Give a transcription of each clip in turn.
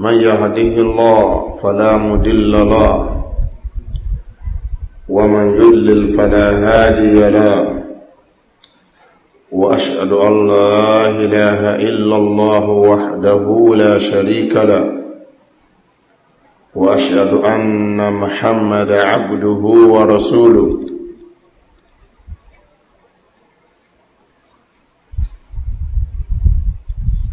من يهده الله فلا مدل له ومن يضلل فلا هادي له واشهد ان لا اله الا الله وحده لا شريك له واشهد ان محمدا عبده ورسوله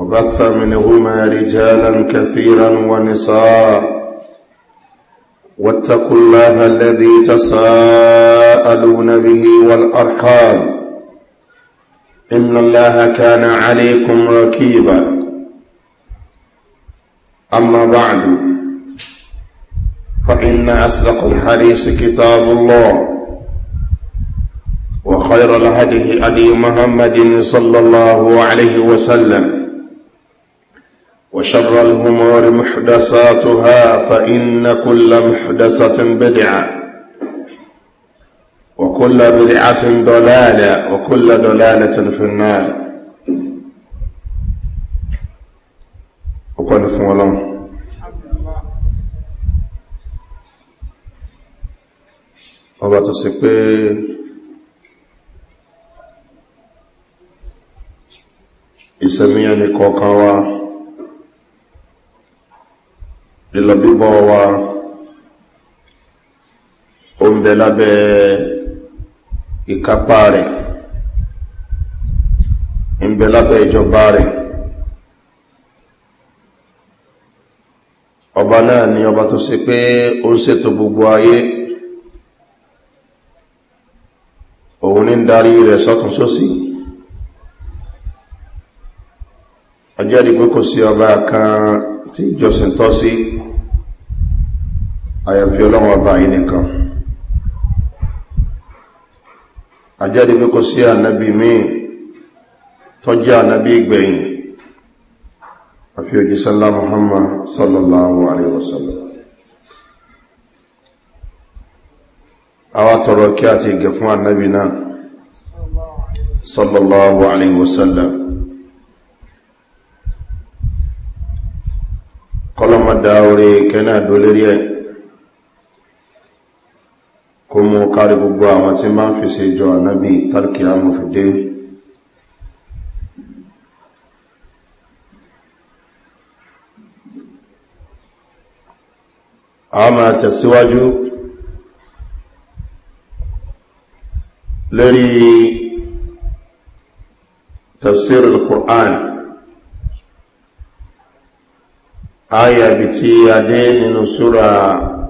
وبث منهما رجالا كثيرا ونساء واتقوا الله الذي تساءلون به والأرحام إن الله كان عليكم ركيبا أما بعد فإن أصدق الحديث كتاب الله وخير الهدي أدي محمد صلى الله عليه وسلم وشر الأمور محدثاتها فإن كل محدثة بدعة وكل بدعة ضلالة وكل ضلالة في النار وكل فولون ọba tó sì pé ìsẹ̀míyàn ní kọ̀ọ̀kan wa lílọ bíbọ̀ wa ó ń bẹ lábẹ́ ìkápá rẹ̀ ń bẹ lábẹ́ ìjọba rẹ̀ ọba náà ni ọba tó se pé ó ń sètò gbogbo ayé òun ní darí rẹ̀ sọ́tún sósì ọjọ́ ìdìgbò kò sí ọba kan tí ìjọsìn tọ́ sí àyàfi ọlọ́run ọba yìí nìkan àjáde pé kò sí ànábì míì tọ́jú ànábì ìgbẹ̀yìn àfi òjísọ́lá muhammad sallallahu alaihi wasallam àwa tọrọ kí àti ìgẹ̀ fún ànábì náà sallallahu alaihi wasallam orí kẹ́nà dólérí ẹ̀ kó mú kárí gbogbo àwọn tí máa ń fi ṣe jọ ànábì tálkì amòfìdé a máa tẹ̀síwájú lórí tafsir al-qur'an aya bi ti ade ninu sura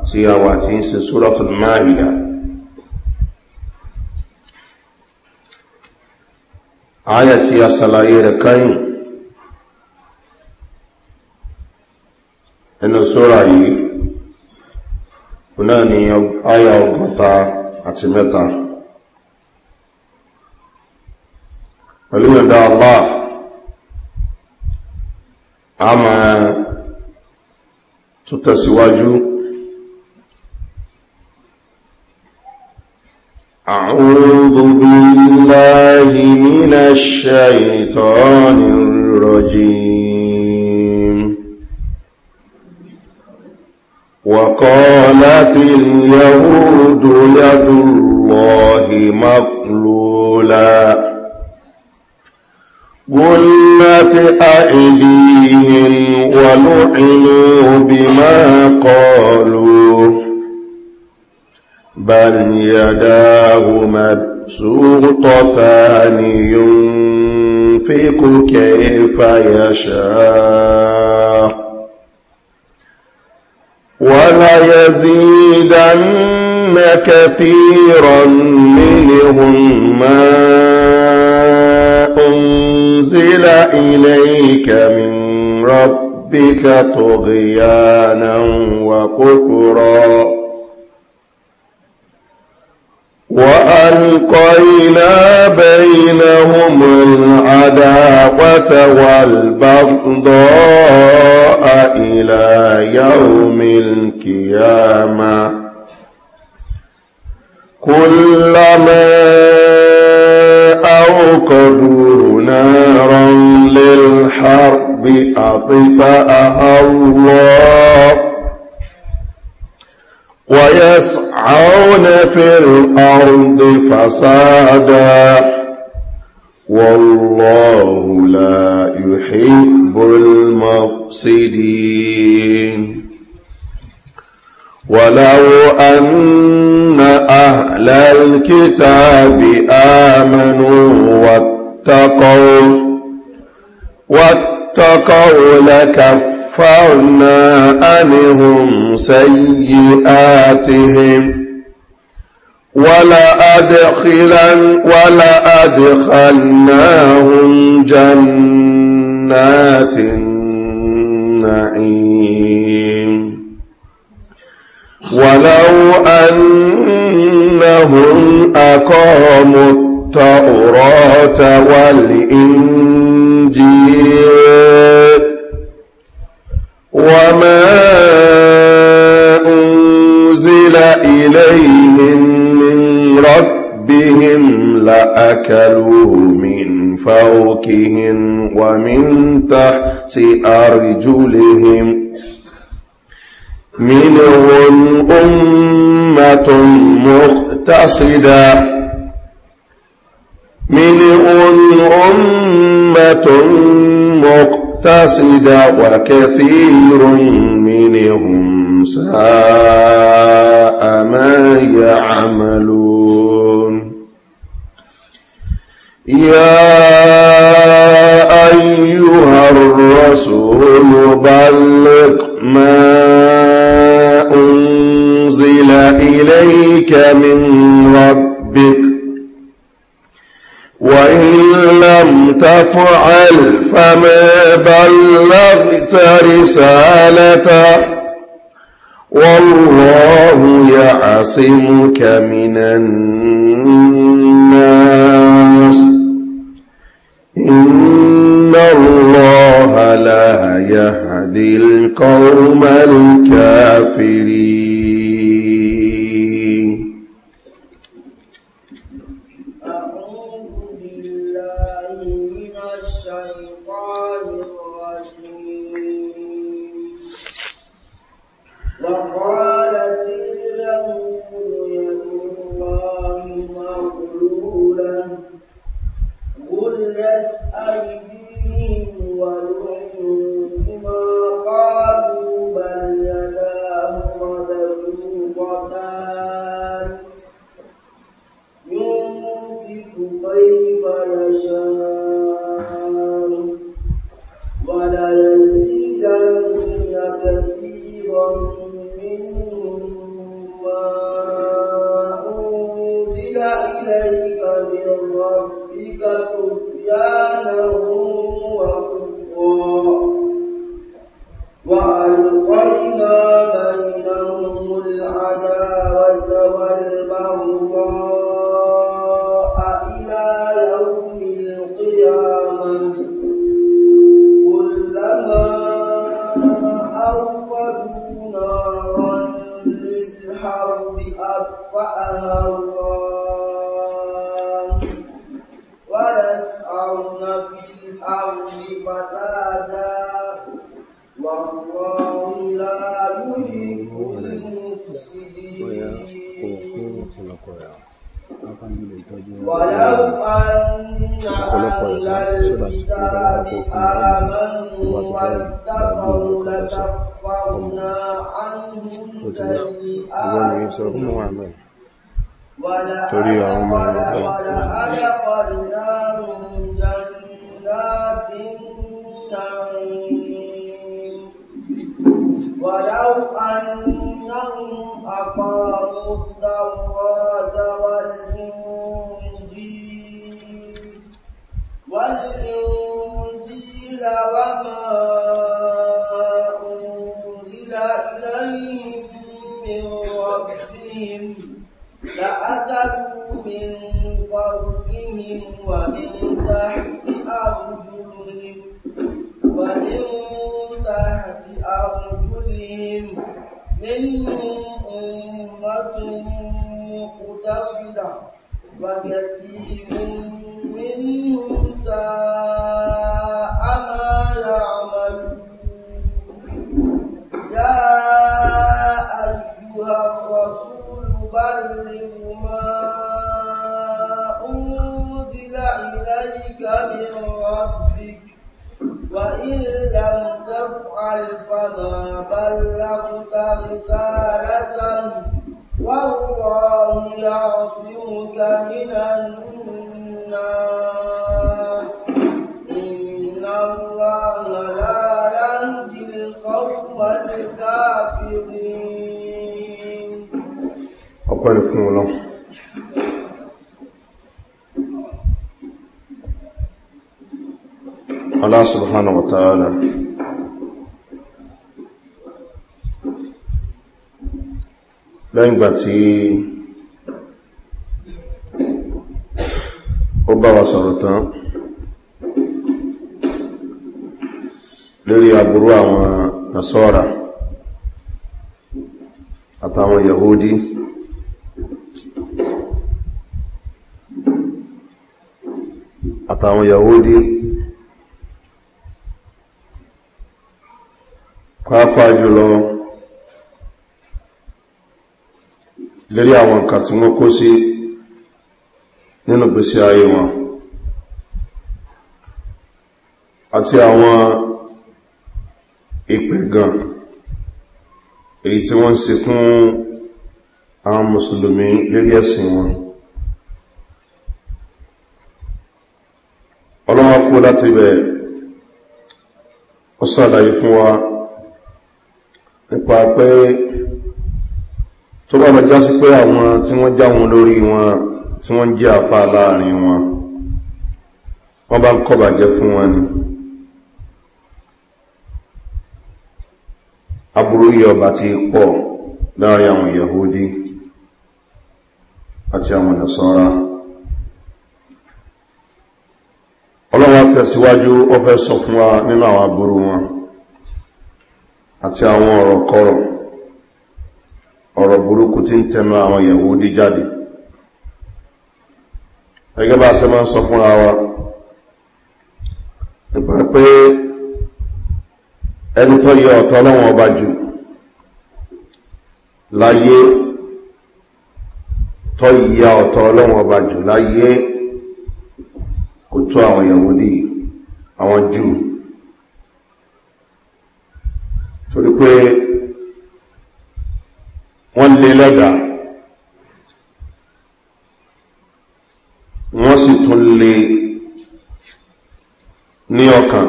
ti awa ti se suratul ma'ida àyà tí a sàlàyé rẹ̀ káyìn ẹnu sọ́rà yìí náà ni àyà ọgọ́ta àti mẹ́ta pẹ̀lú ẹ̀dá ọlá a máa tó tẹ̀síwájú أعوذ بالله من الشيطان الرجيم وقالت اليهود يد الله مقلولا قلت أيديهم ولعنوا بما قالوا بل يداه مبسوطتان ينفق كيف يشاء ولا يزيدن كثيرا منهم ما أنزل إليك من ربك طغيانا وكفرا وألقينا بينهم العداوة والبغضاء إلى يوم القيامة كلما أوقدوا نارا للحرب أطفأها الله ويسعون في الأرض فسادا والله لا يحب المفسدين ولو أن أهل الكتاب آمنوا واتقوا واتقوا لكفروا وكفرنا عنهم سيئاتهم ولا أدخلن ولا أدخلناهم جنات النعيم ولو أنهم أقاموا التوراة والإنجيل وما أنزل إليهم من ربهم لأكلوا من فوقهم ومن تحت أرجلهم منهم أمة مقتصدة منهم أمة مقتصدة تصدى وكثير منهم ساء ما يعملون يا أيها الرسول بلق ما أنزل إليك من ربك وإن لم تفعل فما بلغت رسالته والله يعصمك من الناس إن الله لا يهدي القوم الكافرين àti ọmọ wà mẹ́ torí àwọn ọmọ àwọn ọmọ ولو أنهم أقاموا التوراة والإنجيل والإنجيل وما بهم لأكلوا من فوقهم ومن تحت أرجلهم ومن تحت أرجلهم منهم أمة مقتصدة وكثير منهم ساء ما يعملون يا أيها الرسول تبلغ ما أنزل إليك من ربك وإن لم تفعل فما بلغت رسالته والله يعصمك من ọpẹ́ ni fún ọlọ́run Allah subhanahu wa ta'ala lẹ́yìn gbà tí ó bá wa sọ̀rọ̀ tán lórí aburú àwọn nasọ́ra àtàwọn yahudi àtàwọn yahudi pàápàá jùlọ lérí àwọn nǹkan tí wọ́n kó sí nínú gbèsè ayé wọn àti àwọn ìpẹ̀gàn èyí tí wọ́n ń fún àwọn mùsùlùmí lérí ẹ̀sìn wọn ọlọ́wọ́ kú láti bẹ̀ ó sàlàyé fún wa nípa pé tó bá lọ jásí pé àwọn tí wọ́n já wọn lórí wọn tí wọ́n jẹ́ àfá láàrin wọn wọ́n bá ń kọ́ bàjẹ́ fún wọn ni aburú yẹ ọba ti pọ̀ láàrin àwọn yahudi àti àwọn nasọ́ra. tẹ̀síwájú ó fẹ́ sọ fún wa nínú àwọn agbóró wọn àti àwọn ọ̀rọ̀ kọrọ̀ ọ̀rọ̀ burúkú tí ń tẹnu àwọn ìyàwó dí jáde ẹgẹ́ bá ṣe sọ fúnra wa nípa pé ẹni tó yẹ ọ̀tọ́ lọ́wọ́n ọba jù láyé tó yẹ ọ̀tọ́ lọ́wọ́n ọba jù láyé ó tó àwọn yahudi àwọn jù torí pé wọ́n lè lẹ́dà wọ́n sì tún lè ní ọkàn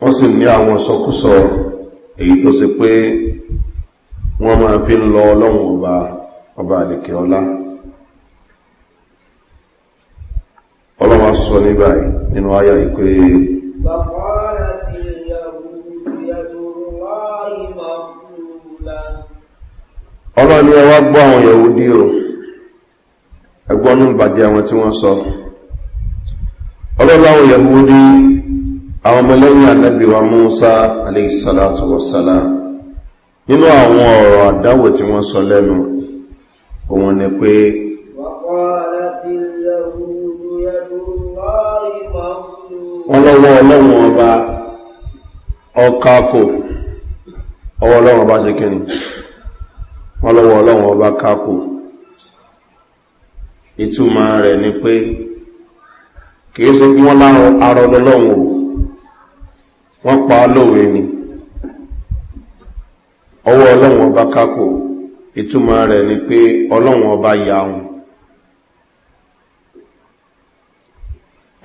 wọ́n sì ní àwọn sọkúsọ èyí tó se pé wọ́n máa fi ń lọ ọlọ́run ọba ọba àdìkẹ́ ọlá ọlọ́wà sọ ní báyìí nínú ayà ìpé ọlọ́ni ẹwà gbọ́ àwọn yahudi o ẹgbọ́nú ìbàjẹ́ àwọn tí wọ́n sọ ọlọ́láwọn yahudi àwọn ọmọlẹ́yìn àdábìwà musa aleyhisalatu wasala nínú àwọn ọ̀rọ̀ àdáwò tí wọ́n sọ lẹ́nu òun ni pé ọlọ́wọ́ ọlọ́run ọba ọkàkò ọwọ́ ọlọ́run ọba sí kíni ọlọ́wọ́ ọba ìtumà rẹ̀ ni pé kìí sí kí wọ́n láàrùn wọ́n pa lóòwé ni ọwọ́ ọba kàkò ìtumà rẹ̀ ni pé ọba ya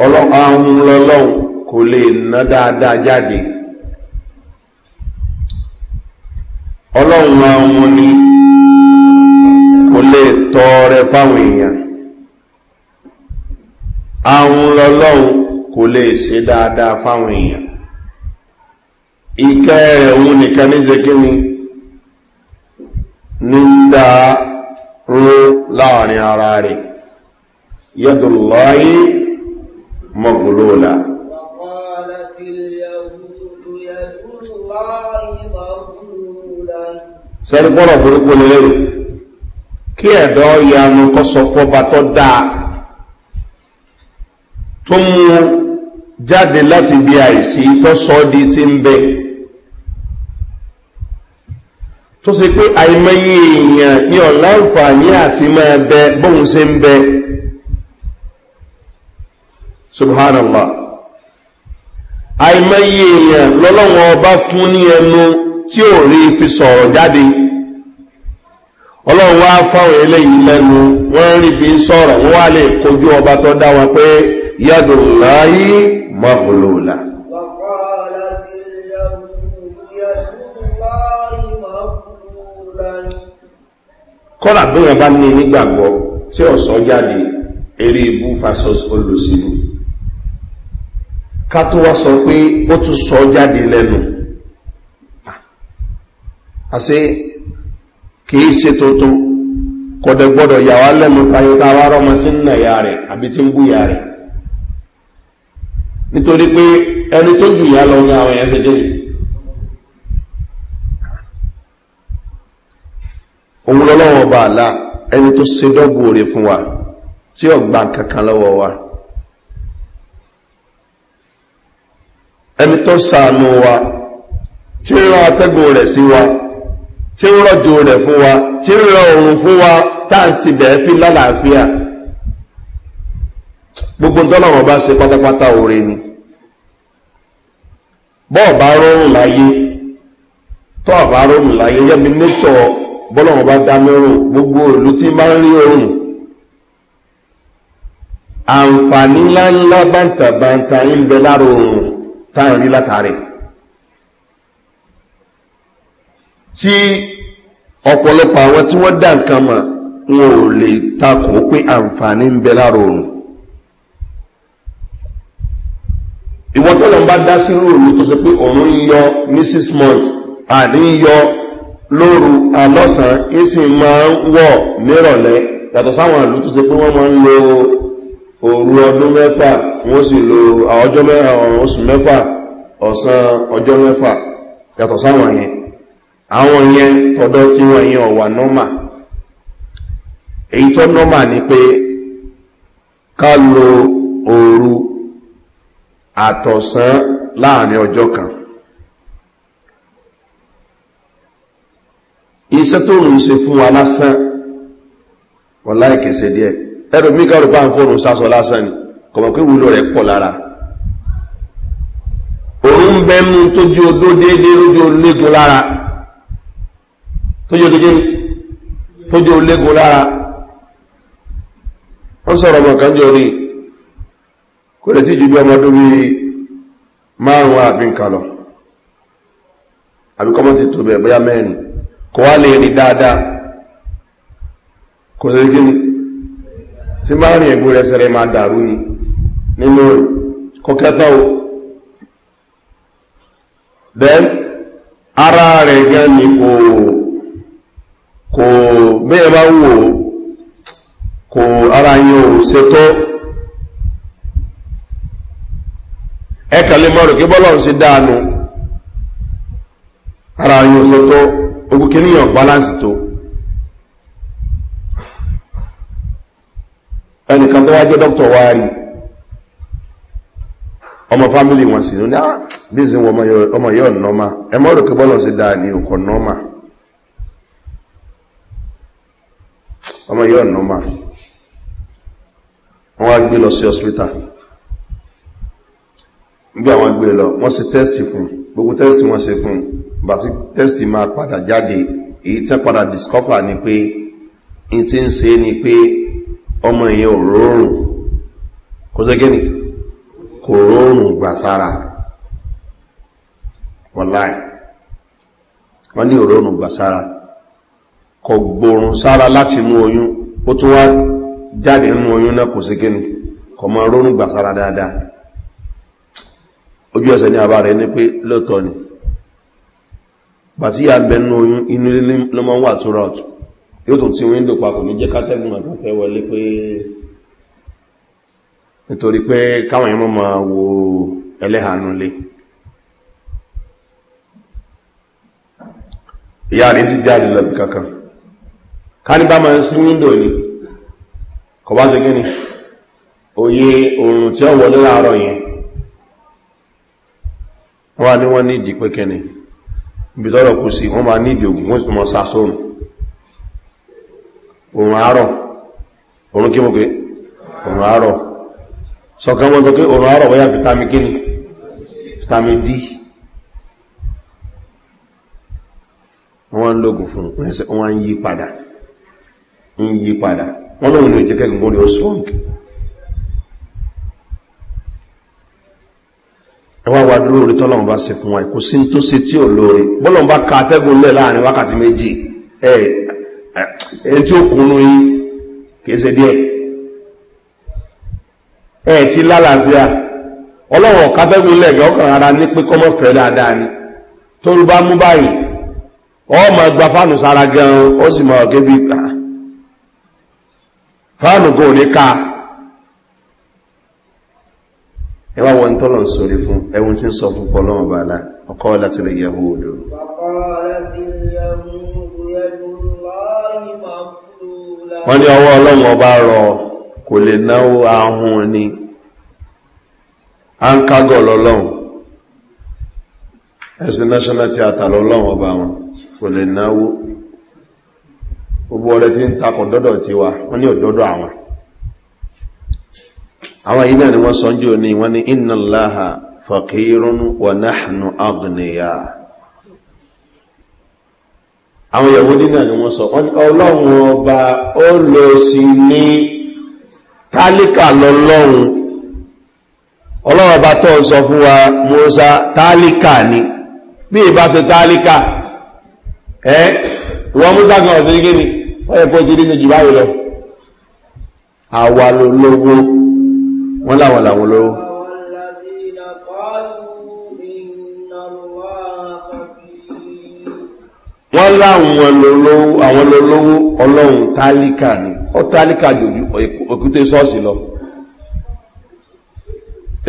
ọlọ́run lọ́lọ́run kò lè ná dáadáa jáde ọlọ́run àwọn ni kò lè tọrẹ fáwọn èèyàn àwọn lọ́lọ́run kò lè ṣe dáadáa fáwọn èèyàn ìkẹ́ rẹ̀ òun nìkan ní ṣe ní dáa ró láàrin ara rẹ̀ yẹ́dùn lọ́yìn مغلولة وقالت اليهود يد الله مغلولة سألقوا بركو لليه kí ẹ̀dọ́ ìyanu kọ́ sọ fọ́ba tó dáa tó mú jáde láti bí àìsí tó sọ di ti ń bẹ tó sì pé àìmọye èèyàn ní ọ̀láǹfààní àti máa bẹ bóun ṣe ń bẹ subhanallah àìmọye èèyàn lọ́lọ́wọ́ ọba fún ní ẹnu tí ò rí fi sọ̀rọ̀ jáde ọlọ́run wá fáwọn eléyìí lẹ́nu wọ́n rí bí sọ̀rọ̀ wọ́n wá lè kojú ọba tó dá wọn pé yàdùn láyé mọ́kùlùlà kọ́lá bí wọ́n bá ní nígbàgbọ́ tí ọ̀sọ́ jáde eré ibú olùsílù ká tó wá sọ pé ó tún sọ jáde lẹ́nu àṣẹ kìí ṣe tuntun kọ̀dẹ̀ gbọ́dọ̀ yà wá lẹ́nu tayọ tá a wá rọ́mọ tí ń nà ya rẹ̀ àbí tí ń búya rẹ̀ nítorí pé ẹni tó jù yá lọ ní àwọn èèyàn ṣe dé òun lọ́wọ́ ọba àlá ẹni tó ṣe dọ́gbò rẹ̀ fún wa tí ọ̀gbà kankan lọ́wọ́ wa. ẹni tó sàánú wa tí ń rán atẹ́gùn rẹ̀ sí wa tí ń rọ̀jò rẹ̀ fún wa tí ń rán oòrùn fún wa táǹtì bẹ̀ẹ́ fi lálàáfíà gbogbo ntọ́lọ́wọ́ bá ṣe pátápátá òre ni bọ́ọ̀bá rọrùn láyé tọ́ọ̀bá rọrùn láyé yẹ́bi nẹ́tọ̀ bọ́lọ́wọ́ bá dámẹ́rùn gbogbo ìlú tí máa ń rí oòrùn àǹfààní ńláńlá bàǹtàbàǹtà ń bẹ lára oòrùn táwọn rí látàrí tí ọ̀pọ̀lọpọ̀ àwọn tí wọ́n dá nǹkan mọ̀ wọn ò lè takò pé àǹfààní ń bẹ lára òrùn ìwọ́n tó lọ bá dá sí rúùlù tó sọ pé òun ń yọ ní six months àní ń yọ lóru àlọ́sàn án ń ń wọ̀ nírọ̀lẹ́ oru ọdún mẹ́fà wọ́n sì lo ọjọ́ mẹ́fà oṣù mẹ́fà ọ̀sán ọjọ́ mẹ́fà yàtọ̀ sáwọn yẹn àwọn yẹn tọ́dọ́ tí wọ́n yẹn ọ̀wà nọ́mà èyí nọ́mà ni pé ká lo òru àtọ̀sán láàrin ọjọ́ kan iṣẹ́ tó rùn ṣe fún wa lásán wọ́n ẹ̀rọ mi káwọn bá ń fọ́rùn sásọ lásán ni kọ̀mọ̀ pé wúlò rẹ̀ pọ̀ lára òun ń bẹ́ mú tójú odó déédéé lójú olégun lára tójú odó tójú olégun lára wọ́n sọ̀rọ̀ ọmọ kan jọ ní kò lè tí ju bí ọmọdún bí márùn-ún àbí nǹkan lọ àbí kọ́mọ́ ti tó bẹ̀ bóyá mẹ́rin kò wá lè rí dáadáa kò lè gíní tí bá rìn ègbò rẹ̀ sẹ̀rẹ̀ máa dàrú ni nínú rẹ̀ kọkẹ́tọ́ o then ara rẹ̀ gan ni kò kò bẹ́ẹ̀ bá wò kò ara yín ò ṣetọ́ ẹkàlẹ́ mọ́rùn kí bọ́lọ́run sí dáanu ara yín ò ṣetọ́ ogun kìíní balance tó ẹnìkan tó wá jẹ́ dọ́kítọ̀ wá ọmọ fámílì wọn sì ní ah, bí i wọn ọmọ yóò nọ́mà ẹ mọ́ rògbé bọ́lọ̀ sí dáa ní òkò nọ́mà ọmọ yóò nọ́mà wọ́n wá gbé lọ sí hospital gbé gbé lọ wọ́n tẹ́sì fún gbogbo tẹ́sì wọ́n sì fún bàtí tẹ́sì máa padà jáde èyí tẹ́ padà discover ni pe ni pé ọmọ ìyẹn ò rọrùn kó sẹ́gẹ́ ni kò rọrùn gbà sára wọláì wọ́n ní òrórùn gbà sára kò gbòrùn sára láti inú oyún ó tún wá jáde inú oyún náà kò ni mọ rọrùn gbà sára dáadáa ojú ẹsẹ̀ ní ni bàtí inú oyún inú ilé wà tó yóò tún tí wíńdò papọ̀ ní jẹ́ kátẹ́gùn àtàfẹ́ wọlé pé nítorí pé káwọn yẹn mọ́ ma wo ìyá jáde lọ bí kankan káníbá ma ń sí wíńdò ni kọ ṣe gíní oye oòrùn tí ó wọlé láàárọ̀ yẹn wọ́n ní wọ́n ní ìdí pé ma ní ìdí wọ́n òun àárọ̀ òun kí mo pé òun àárọ̀ sọ̀kan wọ́n sọ pé òun àárọ̀ wọ́yá vitamin vitamin d wọ́n ń lógun fún wọ́n ń yí padà ń yí padà wọ́n lóun ní òjẹ́kẹ́ gbogbo ní ó strong ka èyí tí ó kúnnú yí kèése díẹ̀ ẹ̀ tí lálàáfíà ọlọ́wọ̀ kátẹ́gùn lẹ́gẹ̀ ọkàn ara ní pé kọ́mọ́ fẹ́ dáadáa ni tó rú bá mú ọ gba fánù sára gan ó sì máa gé bí gbà fánù kò ní ká ẹ wọn tọ́lọ̀ fún ẹwùn tí ń sọ fún ọkọ̀ láti lè yẹ̀ wọ́n ní ọwọ́ ọlọ́run ọba rọ kò lè náwó ahun ni ankágọ̀ lọ́lọ́run ẹ̀sìn national theatre lọ́lọ́run ọba wọn kò lè náwó gbogbo ọ̀rẹ́ tí ń takọ̀ dọ́dọ̀ wa wọ́n ní òdọ́dọ̀ àwọn àwọn yìí náà ni wọ́n sọ́njú ní wọ́n ní inna àwọn ìyàwó dínà ni wọ́n sọ ọlọ́run ọba ó lọ sí ní tálíkà lọ́lọ́run ọlọ́run ọba tó sọ fún wa mọ́sá tálíkà ni bí ìbá ṣe tálíkà ẹ́ ìwọ́n mọ́sá kan ọ̀sẹ̀ gẹ́ni wọ́n yẹ kó jírí sí jù báyìí lọ àwa lolówó wọ́n láwọn làwọn lówó wọ́n láwọn lọ́lọ́wọ́ àwọn lọ́lọ́wọ́ ọlọ́run tálíkà ni ọ tálíkà jòjú òkúté sọ́ọ̀sì lọ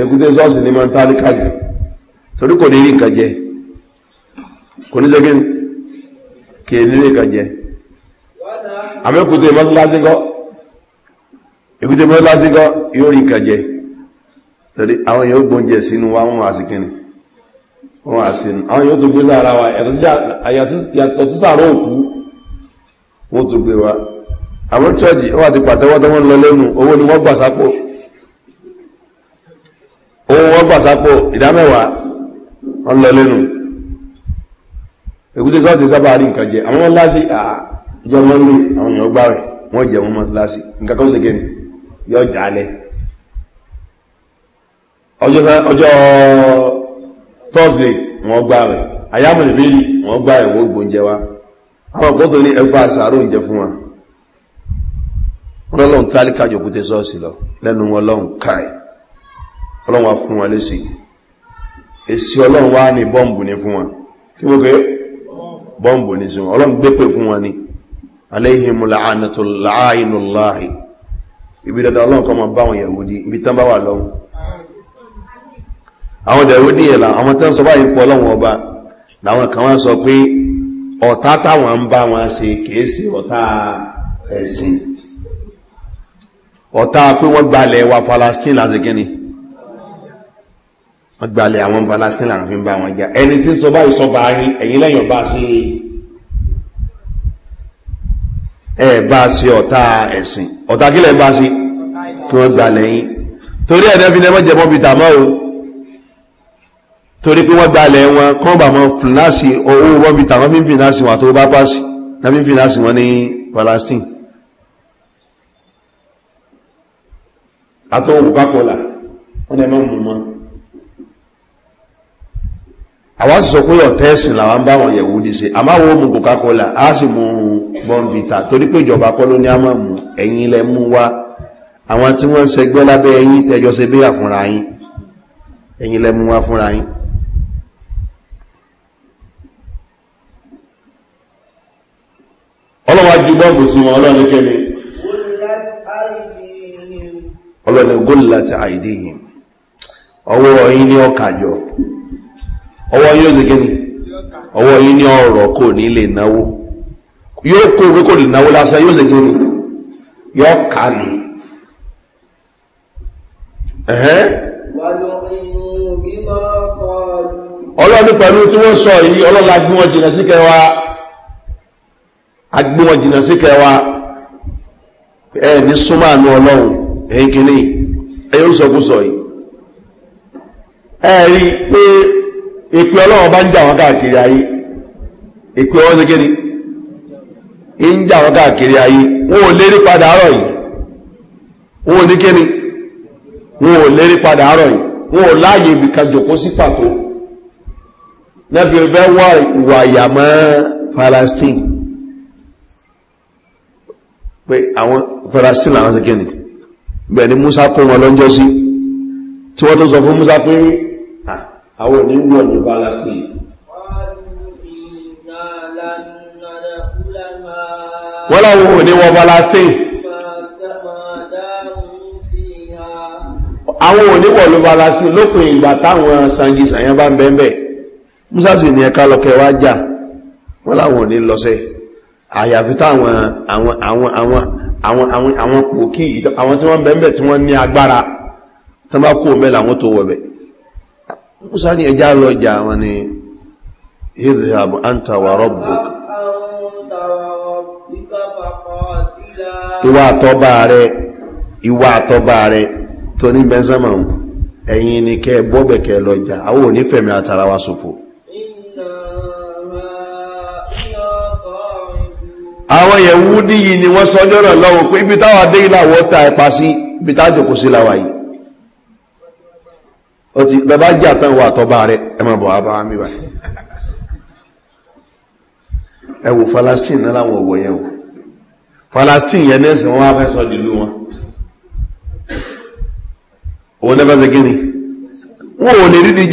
èkúté sọ́ọ̀sì ni máa ń tálíkà jù torí kò ní rí nǹkan jẹ kò ní sẹ́kẹ́ kì í ní rí nǹkan jẹ àmì òkúté mọ́tòlásíńkọ́ èkúté mọ́tòlásíńkọ́ yóò rí nǹkan jẹ torí àwọn èèyàn gbóúnjẹ sínú wa wọn àsìkìnrin wọ́n à sí àwọn yóò tó gbé lára wa yàtọ̀ tí sàárọ̀ òkú wọ́n tó gbé wa àwọn chọ́ọ̀jì wọ́n àti pàtẹ́wọ́ wọ́n lọ lẹ́nu owó ni wọ́n gbàsápò owó wọ́n gbàsápò ìdámẹ́wàá wọ́n lọ lẹ́nu sọ́ọ̀sì sábà rí nǹkan jẹ àwọn àjọ àwọn èèyàn gbá jẹ wọn nǹkan kan ṣe kéde yọ thursday wọ́n gbá rẹ̀ àyàmọ̀lẹ̀ bèèrè wọ́n gbá rẹ̀ wọ́n gbóúnjẹ wá àwọn ọ̀pọ̀ tó ní ẹgbà àṣàrò oúnjẹ fún wa sọọsị lọ lẹ́nu wọn lọ́n káì ọlọ́run wa fún wọn lẹ́sì èsì ọlọ́run wá ní bọ́m̀bù ní fún kí wọ́n kẹ́ bọ́m̀bù ní sí wọn gbé ni ibi dandan kọ́ báwọn ibi tán bá wà àwọn ìdẹ̀rú díẹ̀ là àwọn tó ń sọ báyìí pọ̀ lọ́wọ́ ọba làwọn kan wá sọ pé ọ̀tá táwọn ń bá wọn ṣe kìí ṣe ọ̀tá ẹ̀sìn ọ̀tá pé wọ́n gbalẹ̀ wa falastin láti gẹ́ni wọ́n gbalẹ̀ àwọn falastin láti fi ń bá wọn jà ẹni tí ń sọ báyìí sọ bá yín ẹ̀yìn lẹ́yìn ọba sí ẹ̀ bá sí ọ̀tá ẹ̀sìn ọ̀tá kílẹ̀ bá sí kí wọ́n gbalẹ̀ yín torí ẹ̀dẹ́fínẹ́mọ́jẹ́mọ́bìtà mọ́ o torí pé wọ́n gbalẹ̀ wọn kọ́ bà mọ́ fìlásì owó wọ́n fi tàwọn fi ń fìlásì wọn àtọwọ́ bá pàṣì náà fi ń fìlásì wọn ní palestine àtọwọ́ bùkákọ́là wọ́n dẹ̀ mọ́ mú mọ́ àwọn sì sọ pé ọ̀tẹ́ ẹ̀sìn làwọn bá wọn yẹ̀wò ní ṣe àmọ́ àwọn mú coca-cola á sì mú bọ́ǹvìtà torí pé ìjọba kọ́ ló ní àmọ́ mú ẹ̀yìn ilẹ̀ mú wá àwọn tí wọ́n ń ṣẹgbẹ́ lábẹ́ ẹ̀yìn tẹjọ́ ṣe bí àfúnra yín ẹ̀yìn ilẹ̀ mú wá fúnra yín Ọlọwa ajú bọ́ọ̀bù sí wọn ọlọ́ni kẹ́ni ọlọ́ni gólìláti àìdíyìn ọwọ́ yìí ní ọkàjọ ọwọ́ yóò sì gẹ́ni ọwọ́ yìí ní ọ̀rọ̀ kò ní lè náwó yóò kó orí kò lè náwó lásán yóò gẹ́ni yóò kà ní ọlọ́ni pẹ̀lú tí wọ́n agbé wọn jìnà sí kẹwa ẹ ní súnmọ́ àánú ọlọ́run ẹ̀yìn kìíní ẹ̀yìn orísọkúsọ yìí ẹ rí pé ìpè ọlọ́run bá ń jà wọn káàkiri ayé ìpè ọlọ́run ṣe kéde ń jà wọn káàkiri ayé wọn ò lérí padà àárọ̀ yìí wọn ò ní kéde wọn ò lérí padà àárọ̀ yìí wọn ò láàyè ibìkan jòkó sí pàtó lẹ́fẹ̀ẹ́ fẹ́ wá ìwà àyàmọ́ palestine pé àwọn fẹ́rasí làwọn ṣe kíni bẹ̀ẹ̀ ni musa kó wọn lọ́jọ́ sí tí wọ́n tó sọ fún musa pé àwọn òní ń gbọ́ ní bala sí i. wọ́n láwọn òní wọ bala sí i àwọn òní wọ̀ ló bala sí lópin ìgbà táwọn sangi bá ń bẹ́ẹ̀ musa sì ní ẹ̀ka lọ́kẹ́ wá jà wọ́n láwọn òní lọ́sẹ̀ẹ́. àyàfi táwọn àwọn àwọn àwọn àwọn àwọn àwọn pòkí àwọn tí wọ́n bẹ̀m̀bẹ̀ tí wọ́n ní agbára tán bá kó mẹ́lá àwọn tó wọ̀bẹ̀ musa ní ẹjá lọ́jà wọn ni idhab anta wa ìwà àtọ́bà rẹ̀ ìwà àtọ́bà rẹ̀ tó ní bẹ́ńsẹ́mọ̀ ẹ̀yìn ni kẹ́ lọ́jà àwọn onífẹ̀mẹ́ sòfò àwọn yẹ̀wú níyì ni wọ́n sọ jọ́nà lọ́wọ́ ibi táwà dé ìlàwọ́ ta ẹ̀pá sí ibi tájò kò sí láwà yìí ó ti bẹ̀bá jẹ́ àtàwọn àtọ́bà rẹ̀ ẹ máa bọ̀ abá ẹ wò falastin náà láwọn ọ̀wọ̀ yẹn wò falastin yẹn ní wọn fẹ́ sọ wọn òun náà fẹ́ gíní wọn ò lè rídìí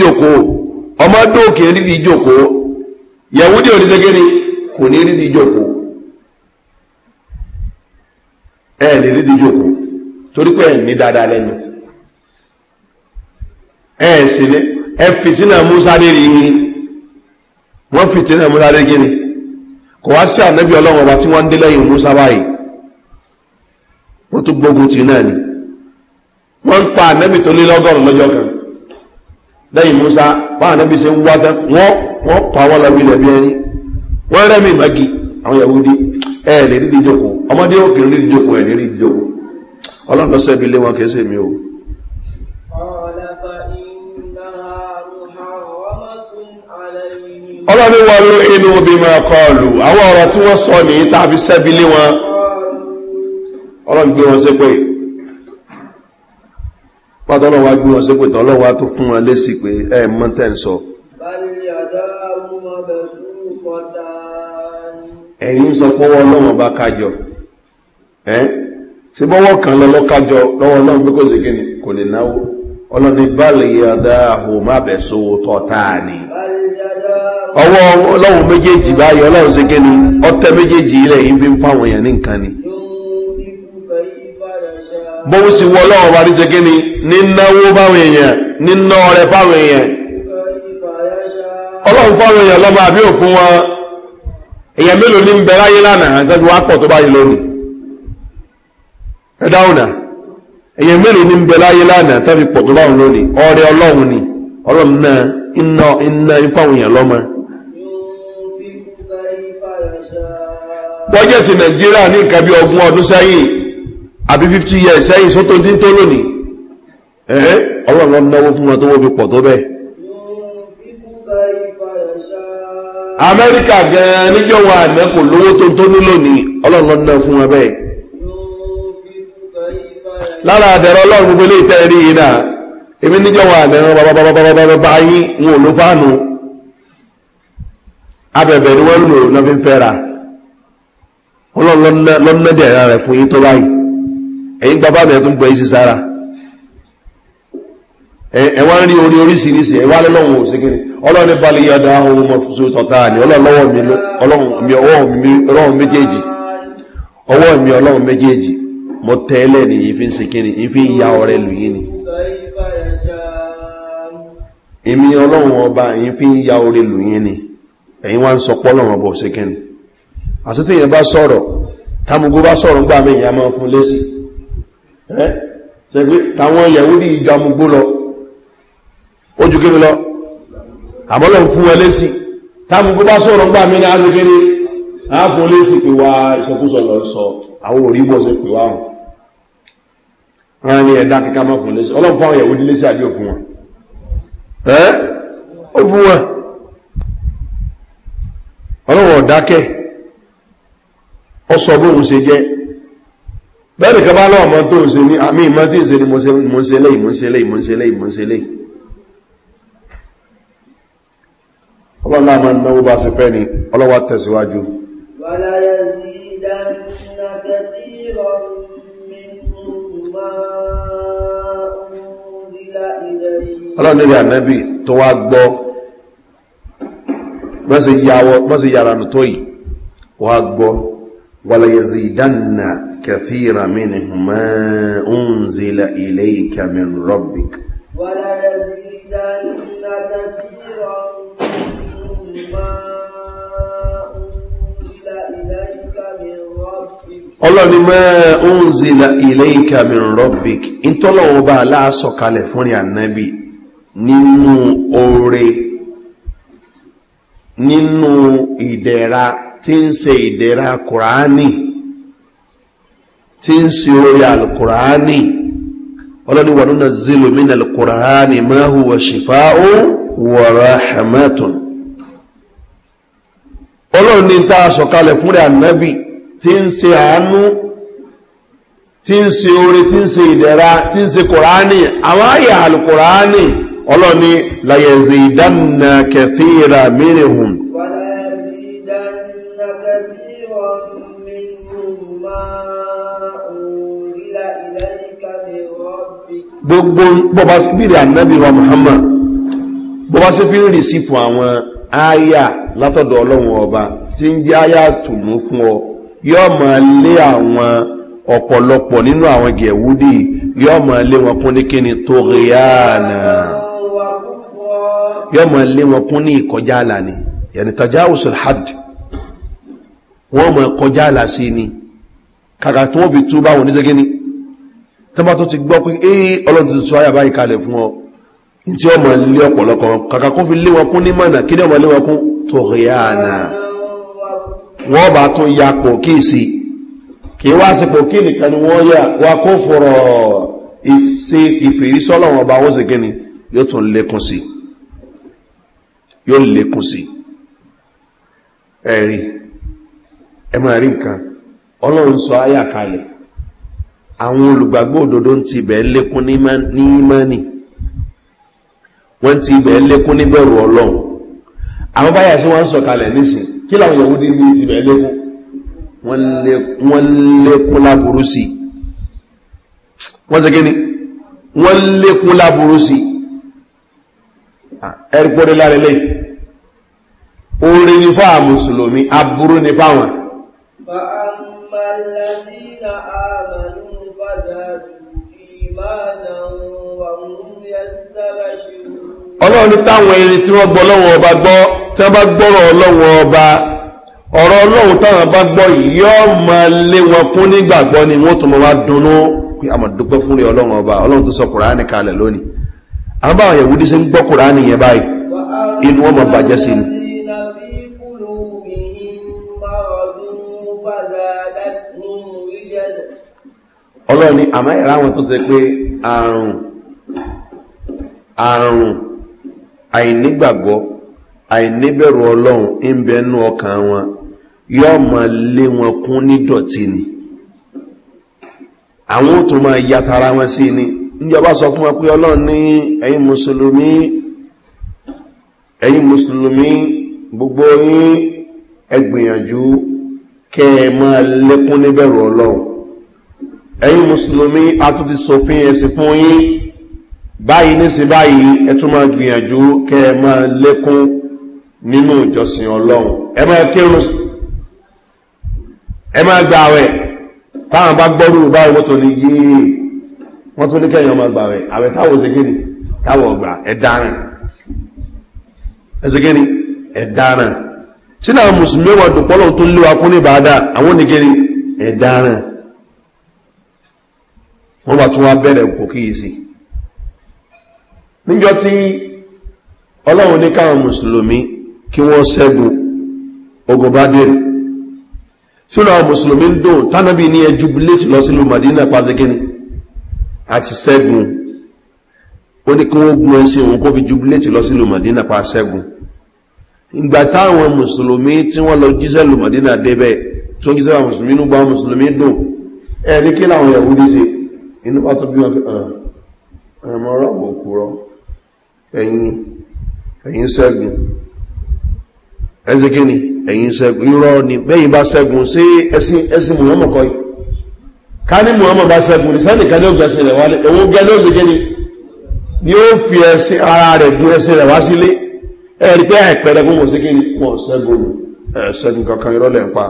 rídìí yẹ̀wú ẹ lè rí díjòkó torí pé ẹ̀ ní dáadáa lẹ́nu ẹ sì ní ẹ fìtínà musa lérí yín wọ́n fìtínà musa lérí gíní kò wá sí ànábì ọlọ́run ọba tí wọ́n ń dé lẹ́yìn musa báyìí wọ́n tún gbógun tì náà ni wọ́n ń pa ànábì tó lé lọ́gọ́rùn lọ́jọ́ kan lẹ́yìn musa bá ànábì ṣe ń wá tán wọ́n wọ́n pa wọ́n lọ bí ilẹ̀ ẹni wọ́n rẹ́mì magi àwọn yahudi ẹ lè rí ìjókòó ọmọdé òkè rí ìjókòó ẹ lè rí ìjókòó ọlọ́run lé wọn kìí sí mi o. ọlọ́run wà ló inú obì máa kọlù àwọn ọ̀rọ̀ tí wọ́n sọ ní tàbí lé wọn ọlọ́run wọn sépè pátọ́ ọlọ́run gbé wọn sépè tọ́ ọlọ́run tó fún wọn lésì pé ń sọ. mú sùn kọ́ta. ẹ̀yìn sọ bá kájọ tí bọ́wọ́ kan lọ́wọ́ náà kò ni kò lè náwó ọlọ́ni báàlì yàdá àhùmá tọ́ta ni ọwọ́ méjèèjì báyìí ọlọ́run sí kí ọtẹ méjèèjì ilẹ̀ yìí fi ń fáwọn èèyàn ní nǹkan ni bọ́wọ́ sì wọ bá rí nínáwó èèyàn èèyàn èèyàn èyàn mélòó ní na bẹ láyé lánàá tẹ́bí wá pọ̀ tó báyìí lónìí èyàn mélòó ní ni ọlọ́run náà iná iná ifáwọn èèyàn lọ́mọ. bọ́jẹ̀tì nàìjíríà ní nǹkan bí ọgbọ́n ọdún sẹ́yìn àbí fifty years sẹ́yìn sótó tí ń tó lónìí ọlọ́run náwó fún wọn tó wọ́n fi pọ̀ amẹ́ríkà gan-an níjọ́ wa àná kò lówó tó tó ní lónìí ọlọ́run lọ́dún náà fún wa bẹ́ẹ̀ lára àdẹ̀rọ ọlọ́run gbogbo ilé ìtẹ́ rí iná èmi níjọ́ wa àná bàbàbàbàbàbà yín wọn ò ló fáànù abẹ̀bẹ̀ ni wọ́n lò lọ́ ń fẹ́ ọlọ́run lọ́dún náà rẹ̀ fún yín tó báyìí ẹ̀yin bàbá mi ẹ̀ tún gbọ́ yín sí sára. ẹ̀wọ́n rí orí oríṣìíríṣìí ẹ̀wọ́n lọ́wọ́ òṣèkiri ọlọ́ni balẹ̀ yọ̀dá ohun mọ̀túnṣe sọ̀tà ní ọlọ́wọ́ méjèèjì ọwọ́ mi ọlọ́wọ́ méjèèjì mọ́ tẹ́lẹ̀ ní ìfi ń sekiri ya ọrẹ lù yí ni èmi ọlọ́wọ́ ọba ìfi ya ọrẹ lù yí ni ẹ̀yin fún ojú kí ni lọ àbọ́lọ̀ ń fún ẹ lésì táàmù kó bá sọ̀rọ̀ gbà mí ní agbègbèrè àáfún olésì pé wá ìsọkúsọ lọ sọ àwọn òrìbọ̀ sí pé wáhùn rán ní ẹ̀dá kíká mọ́ fún lésì ọlọ́pùn fáwọn ìyàwó dílé sí àjọ fún wọn ẹ́ ó fún wọn ọlọ́wọ̀ dákẹ́ ọ sọ bóhun se jẹ́ bẹ́ẹ̀ nìkan bá lọ́wọ́ mọ́ tó ń se ní àmì ọlọ́lá ma ń náwó bá ṣe fẹ́ ni ọlọ́wà tẹ̀síwájú ọlọ́nìyàn ànẹ́bì tó wá gbọ́ mọ́sí yàrá nù tó yìí wá gbọ́ wàlàyèzì ìdánà kẹfìrà mìíràn mọ́ ń zílẹ̀ ilé ìkẹmìn rọ́bìk wàlàyèzì ìdánà kẹfìrà ọlọ́ni mẹ́ ounzila ilé ìkàmì rọ́bìk ìtọ́lọ̀wọ́ bá aláàsọ̀kalẹ̀ fún rí ànábì nínú oore nínú ìdẹ̀ra tí ń se ìdẹ̀ra kùránì tí ń se orí alkùránì ọlọ́ni wà nínú zilu mínà alkùránì máa hùwà ṣìfáà wọ̀rọ̀ hamatun ọlọ́run ní ta sọ̀kalẹ̀ fúnrẹ̀ ànábì tí ń se àánú tí ń se orí tí ń se ìdẹ̀ra tí ń se kòránì àwọn àyà alùkòránì ọlọ́ni láyẹ̀zẹ̀ ìdánà kẹfìrà mírìhùn gbogbo bọ́bá sí bíri ànábì wa muhammad bọ́bá sí fi ń rì fún àwọn àyà látọ̀dọ̀ ọlọ́run ọba tí ń jẹ́ àyà tùnú fún ọ yóò máa lé àwọn ọ̀pọ̀lọpọ̀ nínú àwọn gẹ̀wúdì yóò máa lé wọn kún ní kíni tó ríyàánà yóò máa lé wọn kún ní ìkọjá àlà ni yẹni tọ́já òsùn hajj wọ́n mọ̀ kọjá àlà sí ni kàkà tó wọ́n fi tú báwọn oníṣẹ́ kíni tọ́bá tó ti gbọ́ pé ee ọlọ́run ti sọ àyà báyìí kalẹ̀ fún ọ tí ọmọ lé ọ̀pọ̀lọpọ̀ kàkà kó fi lé wọn kún ní mọ̀nà kí ni ọmọ lé wọn kún tòhìyànà wọ́n bá tún ya pòkí sí kí wá sí pòkí nìkan ni wọ́n yà wá kó fọ̀rọ̀ ìsí ìfèrí sọ́lọ̀ wọn bá wọ́n sì gíní yóò tún lékún sí yóò lékún sí ẹ̀rí ẹ máa nǹkan ọlọ́run sọ ayà kalẹ̀ àwọn olùgbàgbọ́ òdodo ń ti bẹ̀ẹ́ lékún ní ìmánì wọ́n ti bẹ̀ẹ́ lékún níbẹ̀rù ọlọ́run àwọn báyà sí wọ́n sọ kalẹ̀ níṣẹ́ kí láwọn yẹ̀wó dé ní ìtìbẹ̀ lékún wọ́n lékún láburú sí wọ́n sẹ́kẹ́ ni wọ́n lékún láburú sí ẹ̀rùpọ̀rẹ́ lárẹ́lẹ́ orí ní fáà mùsùlùmí aburú ní fáwọn ọlọ́run táwọn ẹni tí wọ́n gbọ́ lọ́wọ́ ọba gbọ́ tí wọ́n bá gbọ́rọ̀ ọlọ́run ọba ọ̀rọ̀ ọlọ́run táwọn bá gbọ́ yìí yọ́ máa lé wọn kún nígbàgbọ́ ni wọ́n tún máa dunnú pé àmọ̀ dúpẹ́ fún rẹ̀ ọlọ́run ọba ọlọ́run tó sọ kùránì kalẹ̀ lónìí àwọn báwọn yẹ̀wò dí sí ń gbọ́ kùránì yẹn báyìí inú wọn máa bàjẹ́ sí ni. ọlọ́run ni àmọ́ ìrà àwọn tó ṣe pé àrùn àrùn àìnígbàgbọ́ àìníbẹ̀rù ọlọ́run ń bẹ nú ọkàn wọn yóò mọ lé wọn kún ní dọ̀tí ni àwọn tó máa ya wọn sí ni níjọba sọ fún wọn pé ọlọ́run ní ẹ̀yin mùsùlùmí ẹ̀yin mùsùlùmí gbogbo yín ẹgbìyànjú kẹ ẹ máa lékún níbẹ̀rù ọlọ́run ẹ̀yin mùsùlùmí a tún ti sòfin ẹ̀sìn fún yín báyìí nísìnyí báyìí ẹ tún máa gbìyànjú kẹ ẹ máa lékún nínú ìjọsìn ọlọ́run ẹ máa kírun ẹ máa gba àwẹ̀ táwọn bá gbọ́rù bá owó tó ní yéé wọ́n tó ní kẹ́yìn máa gba àwẹ̀ àwẹ̀ táwọn ṣe kéde táwọn ọgbà ẹ dáràn ẹ ṣe kéde ẹ dáràn sínú àwọn mùsùlùmí wà dùpọ́lọ̀ tó léwa fún ní bàádà àwọn oníkiri ẹ wọ́n bá tún wá bẹ̀rẹ̀ kò kíyèsí tí ọlọ́run ní káwọn mùsùlùmí kí wọ́n ṣẹ́gun ogun bá dé sínú àwọn mùsùlùmí ń dùn tánàbí ní ẹjú bíléètì lọ sínú madina pàtàkìní àti ṣẹ́gun ó ní kí wọ́n gun ẹsẹ̀ òun kó fi ju bíléètì lọ sínú madina pa ṣẹ́gun ìgbà táwọn mùsùlùmí tí wọ́n lọ jíṣẹ́ lù madina débẹ̀ tó jíṣẹ́ àwọn mùsùlùmí inú gba mùsùlùmí dùn ẹ̀ ní kí làwọn yẹ̀wù dí sí inú bá tó bí wọn fi hàn ọ̀rọ̀ òkúrọ̀ ẹ̀yìn ẹ̀yìn ṣẹ́gun ẹ̀sìn kí ni ẹ̀yìn sẹ́gun irọ́ ni bẹ́yìn bá sẹ́gun sí ẹ̀sìn ẹ̀sìn muhammad kọ́ ká ní muhammad bá sẹ́gun ní sẹ́ni kan ní ògbà ẹ̀sìn rẹ̀ wálé òun gẹ́ ní kí ni ni ó fi ẹ̀sìn ara rẹ̀ ẹ̀sìn rẹ̀ wá sílé ẹ̀rí kí ni kankan irọ́ lẹ̀ ń pa